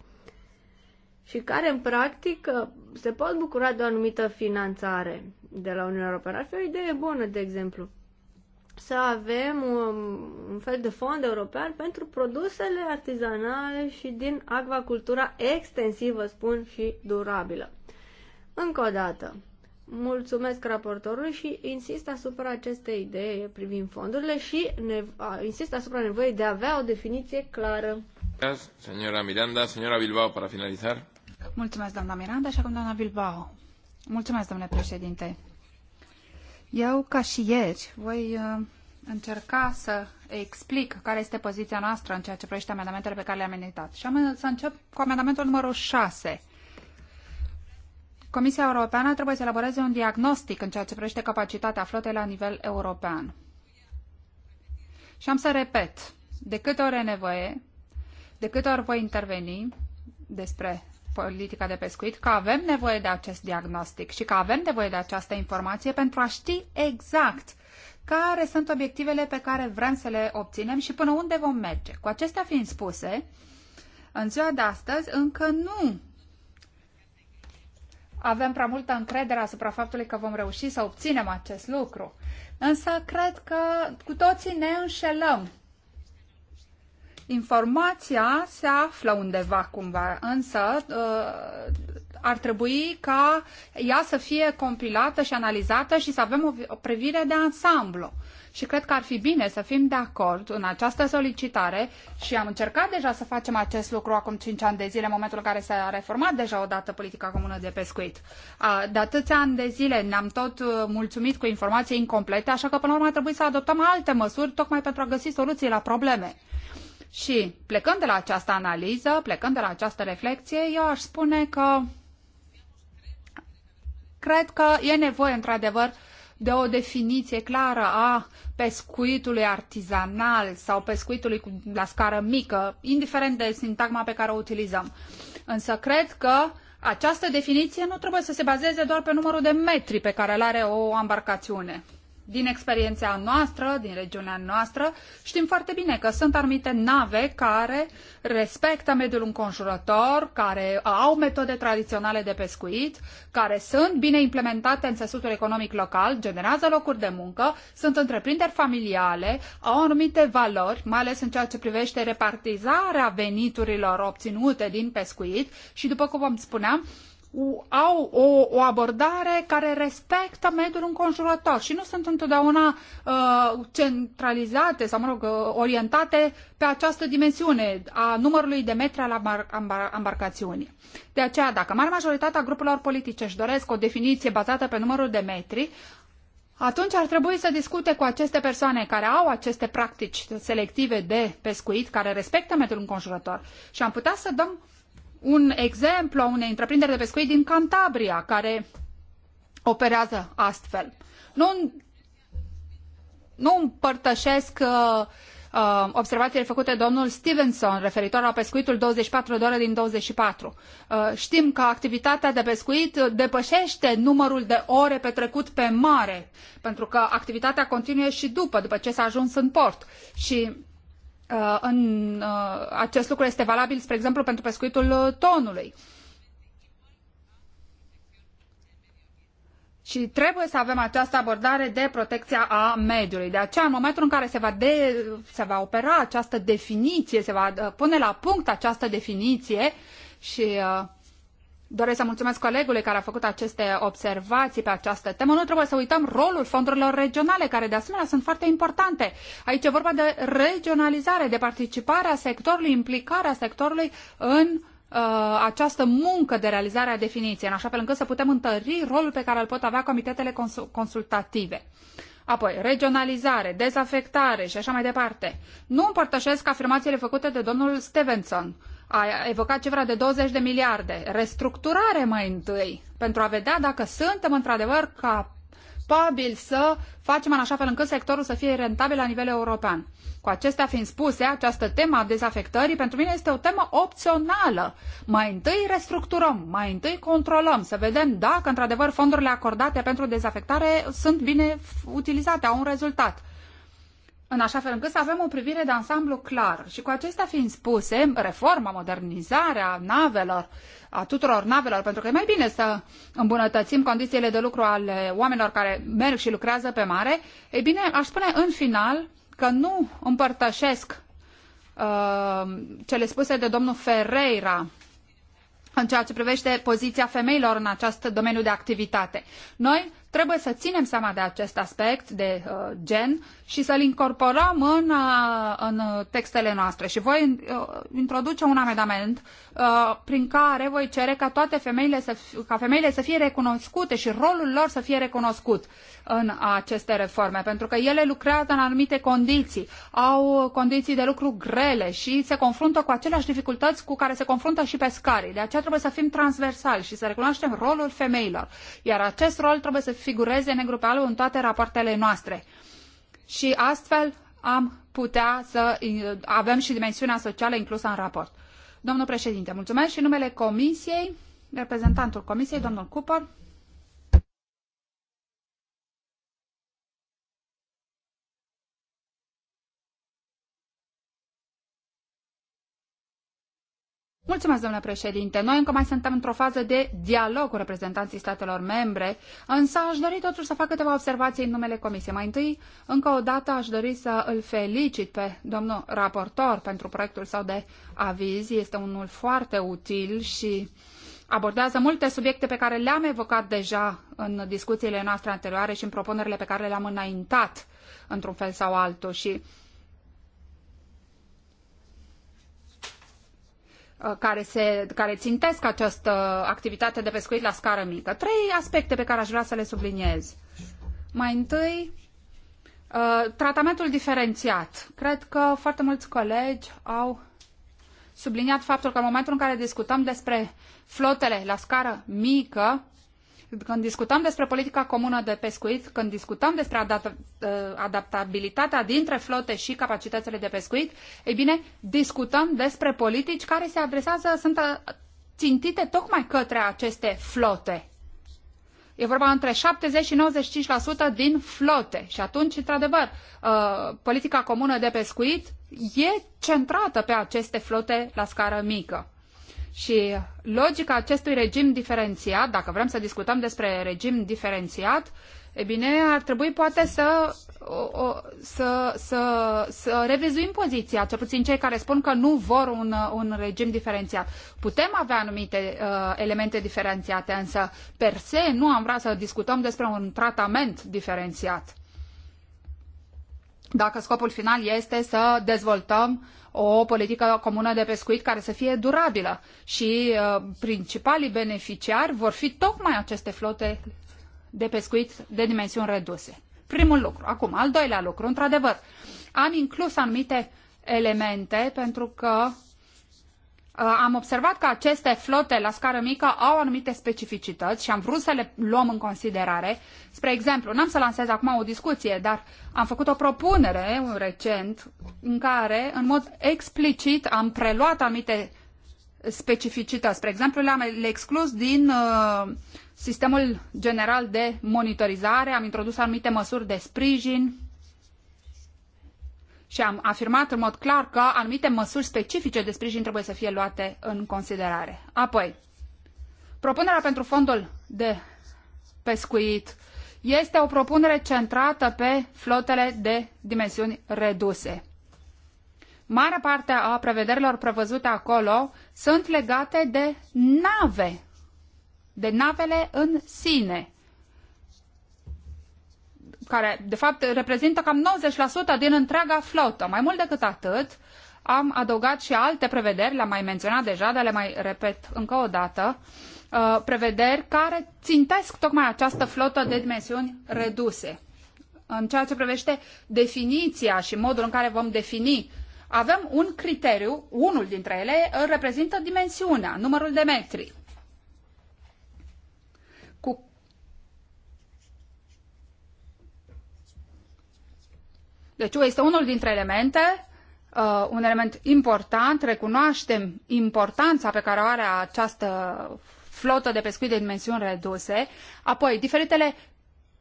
și care în practică se pot bucura de o anumită finanțare de la Uniunea Europeană. Ar fi o idee bună, de exemplu, să avem un, un fel de fond european pentru produsele artizanale și din acvacultura extensivă, spun, și durabilă. Încă o dată, Mulțumesc raportorului și insist asupra acestei idei privind fondurile și nevo- insist asupra nevoii de a avea o definiție clară. Señora Miranda, señora Bilbao, para finalizar. Mulțumesc, doamna Miranda, și acum doamna Bilbao. Mulțumesc, domnule președinte. Eu, ca și ieri, voi uh, încerca să explic care este poziția noastră în ceea ce privește amendamentele pe care le-am editat. Și am să încep cu amendamentul numărul 6 Comisia Europeană trebuie să elaboreze un diagnostic în ceea ce privește capacitatea flotei la nivel european. Și am să repet, de câte ori e nevoie, de câte ori voi interveni despre politica de pescuit, că avem nevoie de acest diagnostic și că avem nevoie de această informație pentru a ști exact care sunt obiectivele pe care vrem să le obținem și până unde vom merge. Cu acestea fiind spuse, în ziua de astăzi încă nu avem prea multă încredere asupra faptului că vom reuși să obținem acest lucru. Însă cred că cu toții ne înșelăm. Informația se află undeva cumva, însă uh, ar trebui ca ea să fie compilată și analizată și să avem o privire de ansamblu și cred că ar fi bine să fim de acord în această solicitare și am încercat deja să facem acest lucru acum 5 ani de zile, în momentul în care s-a reformat deja odată politica comună de pescuit. De atâția ani de zile ne-am tot uh, mulțumit cu informații incomplete, așa că până la urmă a trebuit să adoptăm alte măsuri tocmai pentru a găsi soluții la probleme. Și plecând de la această analiză, plecând de la această reflexie, eu aș spune că cred că e nevoie într-adevăr de o definiție clară a pescuitului artizanal sau pescuitului la scară mică, indiferent de sintagma pe care o utilizăm. Însă cred că această definiție nu trebuie să se bazeze doar pe numărul de metri pe care îl are o embarcațiune. Din experiența noastră, din regiunea noastră, știm foarte bine că sunt anumite nave care respectă mediul înconjurător, care au metode tradiționale de pescuit, care sunt bine implementate în țesutul economic local, generează locuri de muncă, sunt întreprinderi familiale, au anumite valori, mai ales în ceea ce privește repartizarea veniturilor obținute din pescuit și, după cum vom spuneam, au o, o abordare care respectă mediul înconjurător și nu sunt întotdeauna uh, centralizate sau, mă rog, uh, orientate pe această dimensiune a numărului de metri al embarcațiunii. De aceea, dacă mare majoritatea grupurilor politice își doresc o definiție bazată pe numărul de metri, atunci ar trebui să discute cu aceste persoane care au aceste practici selective de pescuit, care respectă mediul înconjurător și am putea să dăm un exemplu a unei întreprinderi de pescuit din Cantabria care operează astfel. Nu, nu împărtășesc uh, uh, observațiile făcute domnul Stevenson referitor la pescuitul 24 de ore din 24. Uh, știm că activitatea de pescuit depășește numărul de ore petrecut pe mare, pentru că activitatea continuă și după, după ce s-a ajuns în port. Și Uh, în, uh, acest lucru este valabil, spre exemplu, pentru pescuitul uh, tonului. Și trebuie să avem această abordare de protecția a mediului. De aceea, în momentul în care se va, de, se va opera această definiție, se va pune la punct această definiție și uh, Doresc să mulțumesc colegului care a făcut aceste observații pe această temă. Nu trebuie să uităm rolul fondurilor regionale, care de asemenea sunt foarte importante. Aici e vorba de regionalizare, de participarea sectorului, implicarea sectorului în uh, această muncă de realizare a definiției, în așa fel încât să putem întări rolul pe care îl pot avea comitetele consultative. Apoi, regionalizare, dezafectare și așa mai departe. Nu împărtășesc afirmațiile făcute de domnul Stevenson a evocat cifra de 20 de miliarde. Restructurare mai întâi, pentru a vedea dacă suntem într-adevăr capabili să facem în așa fel încât sectorul să fie rentabil la nivel european. Cu acestea fiind spuse, această temă a dezafectării pentru mine este o temă opțională. Mai întâi restructurăm, mai întâi controlăm, să vedem dacă într-adevăr fondurile acordate pentru dezafectare sunt bine utilizate, au un rezultat în așa fel încât să avem o privire de ansamblu clar. Și cu acestea fiind spuse, reforma, modernizarea navelor, a tuturor navelor, pentru că e mai bine să îmbunătățim condițiile de lucru ale oamenilor care merg și lucrează pe mare, e bine, aș spune în final că nu împărtășesc uh, cele spuse de domnul Ferreira în ceea ce privește poziția femeilor în acest domeniu de activitate. Noi Trebuie să ținem seama de acest aspect de uh, gen și să-l incorporăm în, uh, în textele noastre. Și voi uh, introduce un amendament uh, prin care voi cere ca toate femeile să, ca femeile să fie recunoscute și rolul lor să fie recunoscut în aceste reforme, pentru că ele lucrează în anumite condiții, au condiții de lucru grele și se confruntă cu aceleași dificultăți cu care se confruntă și pescarii. De aceea trebuie să fim transversali și să recunoaștem rolul femeilor. Iar acest rol trebuie să fie figureze negru pe alb în toate rapoartele noastre. Și astfel am putea să uh, avem și dimensiunea socială inclusă în raport. Domnul președinte, mulțumesc și numele comisiei, reprezentantul comisiei, domnul Cooper. Mulțumesc, domnule președinte. Noi încă mai suntem într-o fază de dialog cu reprezentanții statelor membre, însă aș dori totuși să fac câteva observații în numele Comisiei. Mai întâi, încă o dată aș dori să îl felicit pe domnul raportor pentru proiectul său de aviz. Este unul foarte util și abordează multe subiecte pe care le-am evocat deja în discuțiile noastre anterioare și în propunerile pe care le-am înaintat într-un fel sau altul și Uh, care, se, care țintesc această activitate de pescuit la scară mică. Trei aspecte pe care aș vrea să le subliniez. Mai întâi, uh, tratamentul diferențiat. Cred că foarte mulți colegi au subliniat faptul că în momentul în care discutăm despre flotele la scară mică, când discutăm despre politica comună de pescuit, când discutăm despre ă, adaptabilitatea dintre flote și capacitățile de pescuit, ei bine, discutăm despre politici care se adresează, sunt ă, țintite tocmai către aceste flote. E vorba între 70 și 95% din flote. Și atunci, într-adevăr, ă, politica comună de pescuit e centrată pe aceste flote la scară mică. Și logica acestui regim diferențiat, dacă vrem să discutăm despre regim diferențiat, e bine, ar trebui poate să, o, o, să, să, să revizuim poziția, cel puțin cei care spun că nu vor un, un regim diferențiat. Putem avea anumite uh, elemente diferențiate, însă per se nu am vrea să discutăm despre un tratament diferențiat dacă scopul final este să dezvoltăm o politică comună de pescuit care să fie durabilă și uh, principalii beneficiari vor fi tocmai aceste flote de pescuit de dimensiuni reduse. Primul lucru. Acum, al doilea lucru, într-adevăr, am inclus anumite elemente pentru că Uh, am observat că aceste flote la scară mică au anumite specificități și am vrut să le luăm în considerare. Spre exemplu, n-am să lansez acum o discuție, dar am făcut o propunere recent în care, în mod explicit, am preluat anumite specificități. Spre exemplu, le-am exclus din uh, sistemul general de monitorizare, am introdus anumite măsuri de sprijin și am afirmat în mod clar că anumite măsuri specifice de sprijin trebuie să fie luate în considerare. Apoi, propunerea pentru fondul de pescuit este o propunere centrată pe flotele de dimensiuni reduse. Mare parte a prevederilor prevăzute acolo sunt legate de nave, de navele în sine care de fapt reprezintă cam 90% din întreaga flotă. Mai mult decât atât, am adăugat și alte prevederi, le-am mai menționat deja, dar le mai repet încă o dată, uh, prevederi care țintesc tocmai această flotă de dimensiuni reduse. În ceea ce privește definiția și modul în care vom defini, avem un criteriu, unul dintre ele reprezintă dimensiunea, numărul de metri. Deci este unul dintre elemente, uh, un element important, recunoaștem importanța pe care o are această flotă de pescuit de dimensiuni reduse, apoi diferitele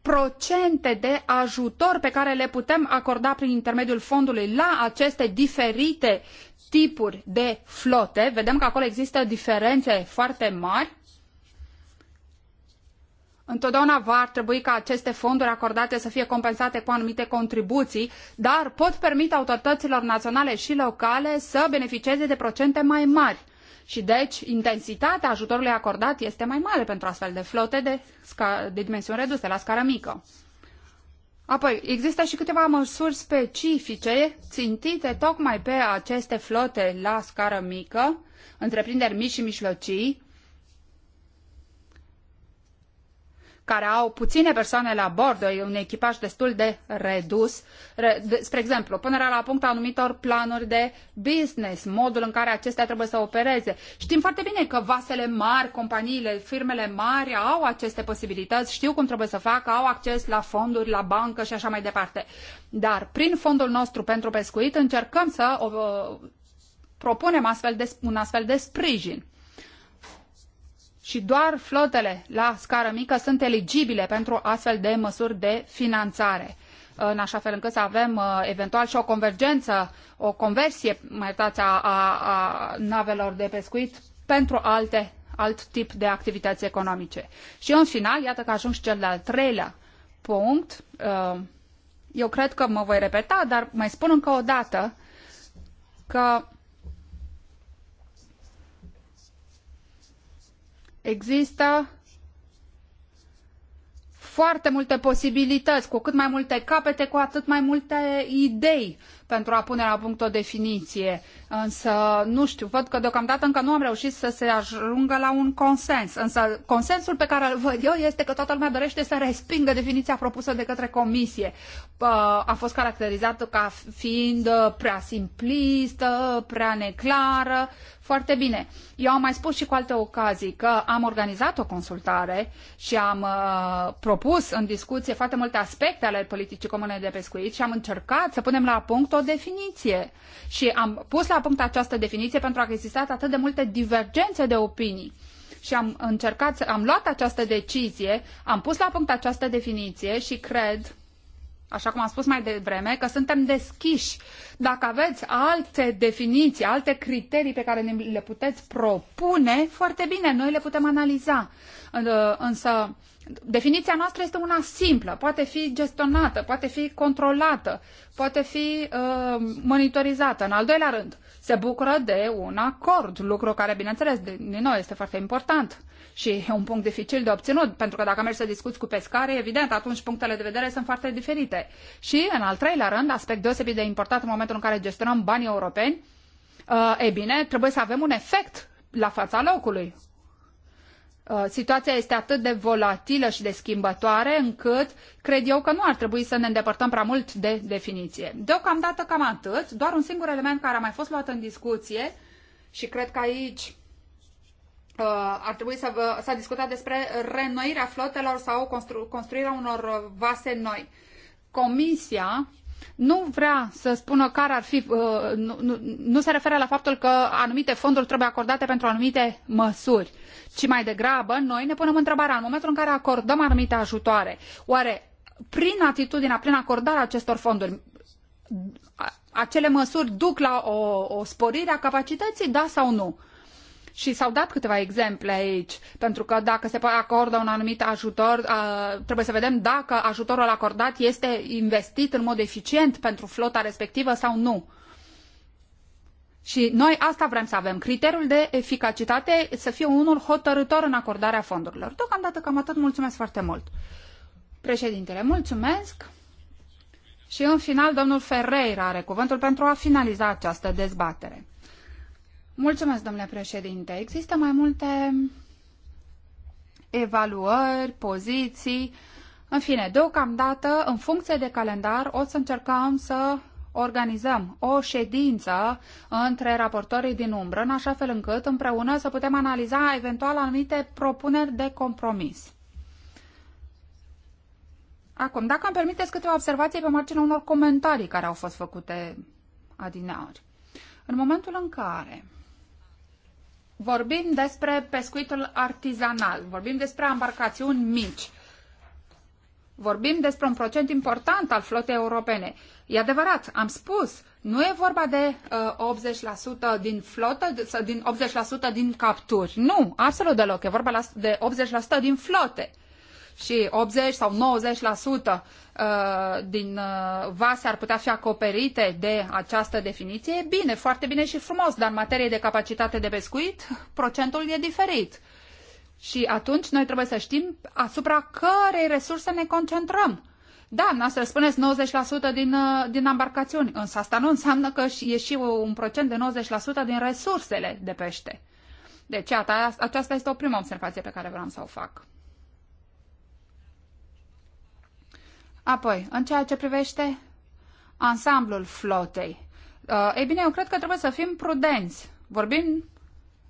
procente de ajutor pe care le putem acorda prin intermediul fondului la aceste diferite tipuri de flote. Vedem că acolo există diferențe foarte mari Întotdeauna va trebui ca aceste fonduri acordate să fie compensate cu anumite contribuții, dar pot permite autorităților naționale și locale să beneficieze de procente mai mari. Și deci intensitatea ajutorului acordat este mai mare pentru astfel de flote de, de dimensiuni reduse, la scară mică. Apoi, există și câteva măsuri specifice țintite tocmai pe aceste flote la scară mică, întreprinderi mici și mijlocii, care au puține persoane la bord, un echipaj destul de redus, spre exemplu, punerea la punct a anumitor planuri de business, modul în care acestea trebuie să opereze. Știm foarte bine că vasele mari, companiile, firmele mari au aceste posibilități, știu cum trebuie să facă, au acces la fonduri, la bancă și așa mai departe. Dar prin fondul nostru pentru pescuit încercăm să propunem astfel de, un astfel de sprijin și doar flotele la scară mică sunt eligibile pentru astfel de măsuri de finanțare în așa fel încât să avem uh, eventual și o convergență, o conversie, mai iertați, a, a, a navelor de pescuit pentru alte, alt tip de activități economice. Și în final, iată că ajung și cel de-al treilea punct. Uh, eu cred că mă voi repeta, dar mai spun încă o dată că Există foarte multe posibilități, cu cât mai multe capete, cu atât mai multe idei pentru a pune la punct o definiție, însă nu știu, văd că deocamdată încă nu am reușit să se ajungă la un consens, însă consensul pe care îl văd eu este că toată lumea dorește să respingă definiția propusă de către comisie. A fost caracterizată ca fiind uh, prea simplistă, prea neclară, foarte bine. Eu am mai spus și cu alte ocazii că am organizat o consultare și am uh, propus în discuție foarte multe aspecte ale politicii comune de pescuit și am încercat să punem la punct o definiție. Și am pus la punct această definiție pentru că existat atât de multe divergențe de opinii și am încercat, am luat această decizie, am pus la punct această definiție și cred așa cum am spus mai devreme, că suntem deschiși. Dacă aveți alte definiții, alte criterii pe care le puteți propune, foarte bine, noi le putem analiza. Uh, însă, definiția noastră este una simplă, poate fi gestionată, poate fi controlată, poate fi uh, monitorizată. În al doilea rând, se bucură de un acord, lucru care, bineînțeles, din nou este foarte important și e un punct dificil de obținut, pentru că dacă mergi să discuți cu pescare, evident, atunci punctele de vedere sunt foarte diferite. Și, în al treilea rând, aspect deosebit de important în momentul în care gestionăm banii europeni, uh, e bine, trebuie să avem un efect la fața locului. Uh, situația este atât de volatilă și de schimbătoare încât cred eu că nu ar trebui să ne îndepărtăm prea mult de definiție. Deocamdată cam atât, doar un singur element care a mai fost luat în discuție și cred că aici ar trebui să s-a discutat despre reînnoirea flotelor sau constru, construirea unor vase noi. Comisia nu vrea să spună care ar fi, uh, nu, nu, nu se referă la faptul că anumite fonduri trebuie acordate pentru anumite măsuri, ci mai degrabă noi ne punem întrebarea în momentul în care acordăm anumite ajutoare, oare prin atitudinea, prin acordarea acestor fonduri, acele măsuri duc la o, o sporire a capacității, da sau nu? Și s-au dat câteva exemple aici, pentru că dacă se acordă un anumit ajutor, trebuie să vedem dacă ajutorul acordat este investit în mod eficient pentru flota respectivă sau nu. Și noi asta vrem să avem. Criteriul de eficacitate să fie unul hotărător în acordarea fondurilor. Deocamdată cam atât. Mulțumesc foarte mult. Președintele, mulțumesc. Și în final, domnul Ferreira are cuvântul pentru a finaliza această dezbatere. Mulțumesc, domnule președinte. Există mai multe evaluări, poziții. În fine, deocamdată, în funcție de calendar, o să încercăm să organizăm o ședință între raportorii din umbră, în așa fel încât împreună să putem analiza eventual anumite propuneri de compromis. Acum, dacă îmi permiteți câteva observații pe marginea unor comentarii care au fost făcute adineori. În momentul în care Vorbim despre pescuitul artizanal, vorbim despre embarcațiuni mici, vorbim despre un procent important al flotei europene. E adevărat, am spus, nu e vorba de uh, 80% din flotă, din 80% din capturi. Nu, absolut deloc. E vorba de 80% din flote și 80 sau 90% uh, din uh, vase ar putea fi acoperite de această definiție, e bine, foarte bine și frumos, dar în materie de capacitate de pescuit, procentul e diferit. Și atunci noi trebuie să știm asupra cărei resurse ne concentrăm. Da, noastră spuneți 90% din, uh, din embarcațiuni, însă asta nu înseamnă că e și un procent de 90% din resursele de pește. Deci, aceasta este o primă observație pe care vreau să o fac. Apoi, în ceea ce privește ansamblul flotei, uh, ei bine, eu cred că trebuie să fim prudenți. Vorbim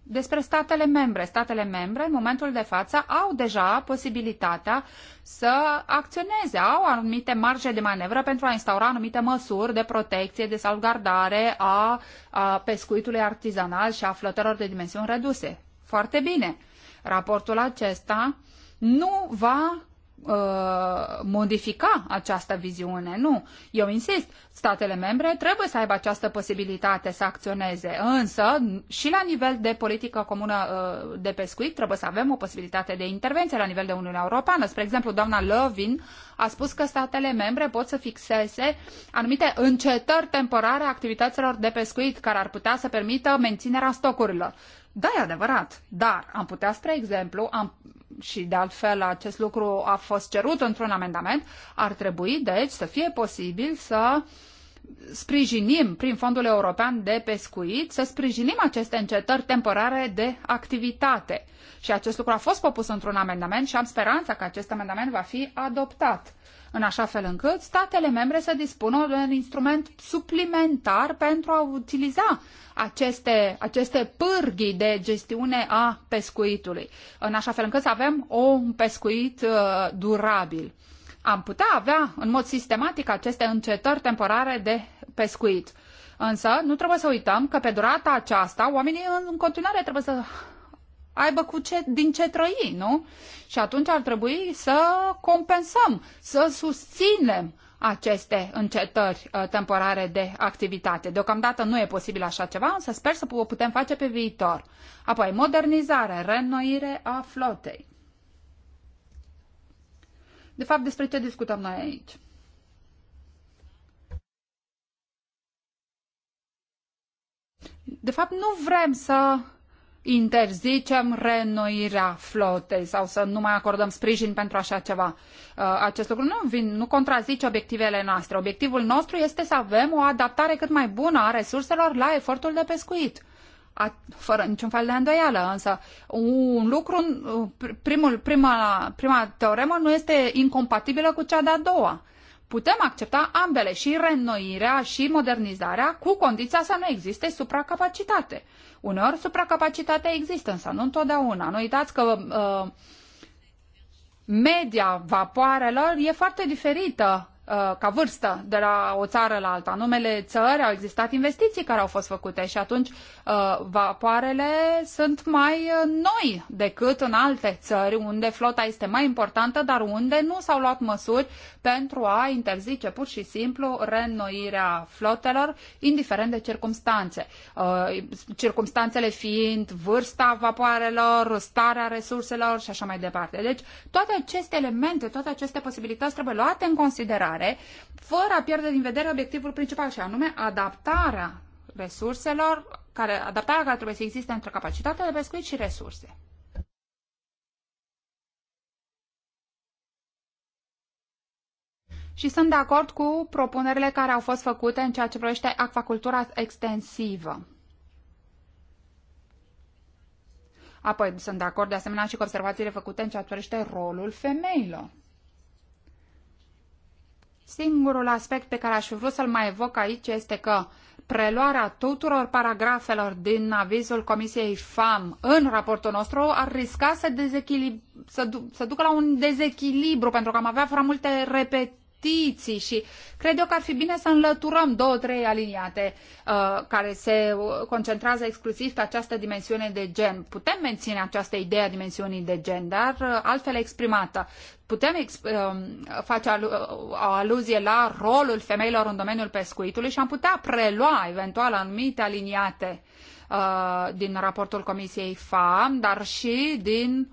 despre statele membre. Statele membre, în momentul de față, au deja posibilitatea să acționeze, au anumite marge de manevră pentru a instaura anumite măsuri de protecție, de salvgardare a, a pescuitului artizanal și a flotelor de dimensiuni reduse. Foarte bine. Raportul acesta nu va Uh, modifica această viziune. Nu. Eu insist, statele membre trebuie să aibă această posibilitate să acționeze, însă și la nivel de politică comună uh, de pescuit trebuie să avem o posibilitate de intervenție la nivel de Uniunea Europeană. Spre exemplu, doamna Lovin a spus că statele membre pot să fixeze anumite încetări temporare a activităților de pescuit care ar putea să permită menținerea stocurilor. Da, e adevărat, dar am putea, spre exemplu, am, și de altfel acest lucru a fost cerut într-un amendament, ar trebui deci să fie posibil să sprijinim prin Fondul European de Pescuit, să sprijinim aceste încetări temporare de activitate. Și acest lucru a fost propus într-un amendament și am speranța că acest amendament va fi adoptat în așa fel încât statele membre să dispună de un instrument suplimentar pentru a utiliza aceste, aceste pârghii de gestiune a pescuitului, în așa fel încât să avem un pescuit uh, durabil. Am putea avea în mod sistematic aceste încetări temporare de pescuit. Însă, nu trebuie să uităm că pe durata aceasta, oamenii în continuare trebuie să aibă cu ce, din ce trăi, nu? Și atunci ar trebui să compensăm, să susținem aceste încetări uh, temporare de activitate. Deocamdată nu e posibil așa ceva, însă sper să o putem face pe viitor. Apoi, modernizare, reînnoire a flotei. De fapt, despre ce discutăm noi aici? De fapt, nu vrem să interzicem reînnoirea flotei sau să nu mai acordăm sprijin pentru așa ceva. Uh, acest lucru nu, vin, nu contrazice obiectivele noastre. Obiectivul nostru este să avem o adaptare cât mai bună a resurselor la efortul de pescuit. A, fără niciun fel de îndoială, însă un lucru, uh, primul, prima, prima teoremă nu este incompatibilă cu cea de-a doua. Putem accepta ambele, și reînnoirea și modernizarea, cu condiția să nu existe supracapacitate. Uneori supracapacitatea există, însă nu întotdeauna. Nu uitați că uh, media vapoarelor e foarte diferită Uh, ca vârstă de la o țară la alta. numele țări au existat investiții care au fost făcute și atunci uh, vapoarele sunt mai uh, noi decât în alte țări unde flota este mai importantă, dar unde nu s-au luat măsuri pentru a interzice pur și simplu reînnoirea flotelor, indiferent de circumstanțe. Circumstanțele fiind vârsta vapoarelor, starea resurselor și așa mai departe. Deci toate aceste elemente, toate aceste posibilități trebuie luate în considerare dezvoltare, fără a pierde din vedere obiectivul principal și anume adaptarea resurselor, care, adaptarea care trebuie să existe între capacitatea de pescuit și resurse. Și sunt de acord cu propunerile care au fost făcute în ceea ce privește acvacultura extensivă. Apoi sunt de acord de asemenea și cu observațiile făcute în ceea ce privește rolul femeilor. Singurul aspect pe care aș vrea să-l mai evoc aici este că preluarea tuturor paragrafelor din avizul Comisiei FAM în raportul nostru ar risca să, dezechilib- să, du- să ducă la un dezechilibru, pentru că am avea foarte multe repetiții petiții și cred eu că ar fi bine să înlăturăm două, trei aliniate uh, care se uh, concentrează exclusiv pe această dimensiune de gen. Putem menține această idee a dimensiunii de gen, dar uh, altfel exprimată. Putem exp uh, face alu uh, o aluzie la rolul femeilor în domeniul pescuitului și am putea prelua eventual anumite aliniate uh, din raportul Comisiei FAM, dar și din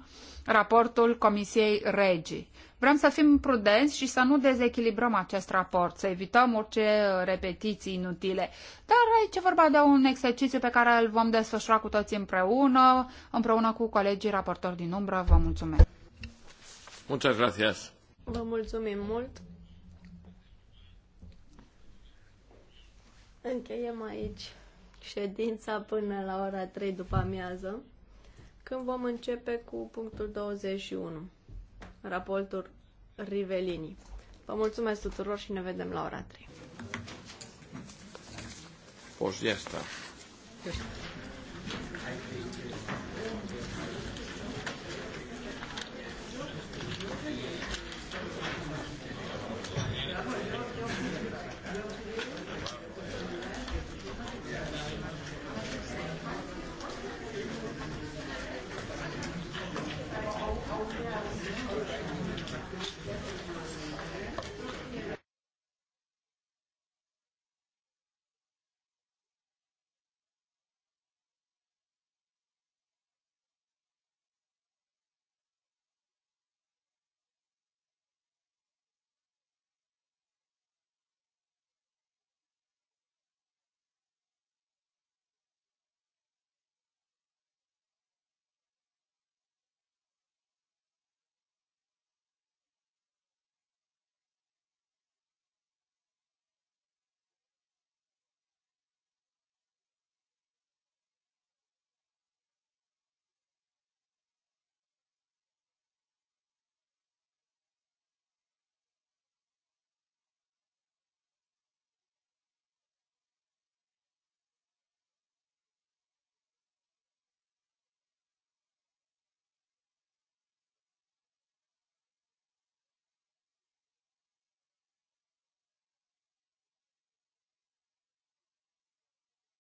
raportul Comisiei Regii. Vrem să fim prudenți și să nu dezechilibrăm acest raport, să evităm orice repetiții inutile. Dar aici e vorba de un exercițiu pe care îl vom desfășura cu toți împreună, împreună cu colegii raportori din umbră. Vă mulțumesc! Muchas gracias. Vă mulțumim mult! Încheiem aici ședința până la ora 3 după amiază, când vom începe cu punctul 21 raportul Rivelini. Vă mulțumesc tuturor și ne vedem la ora 3. Poți asta.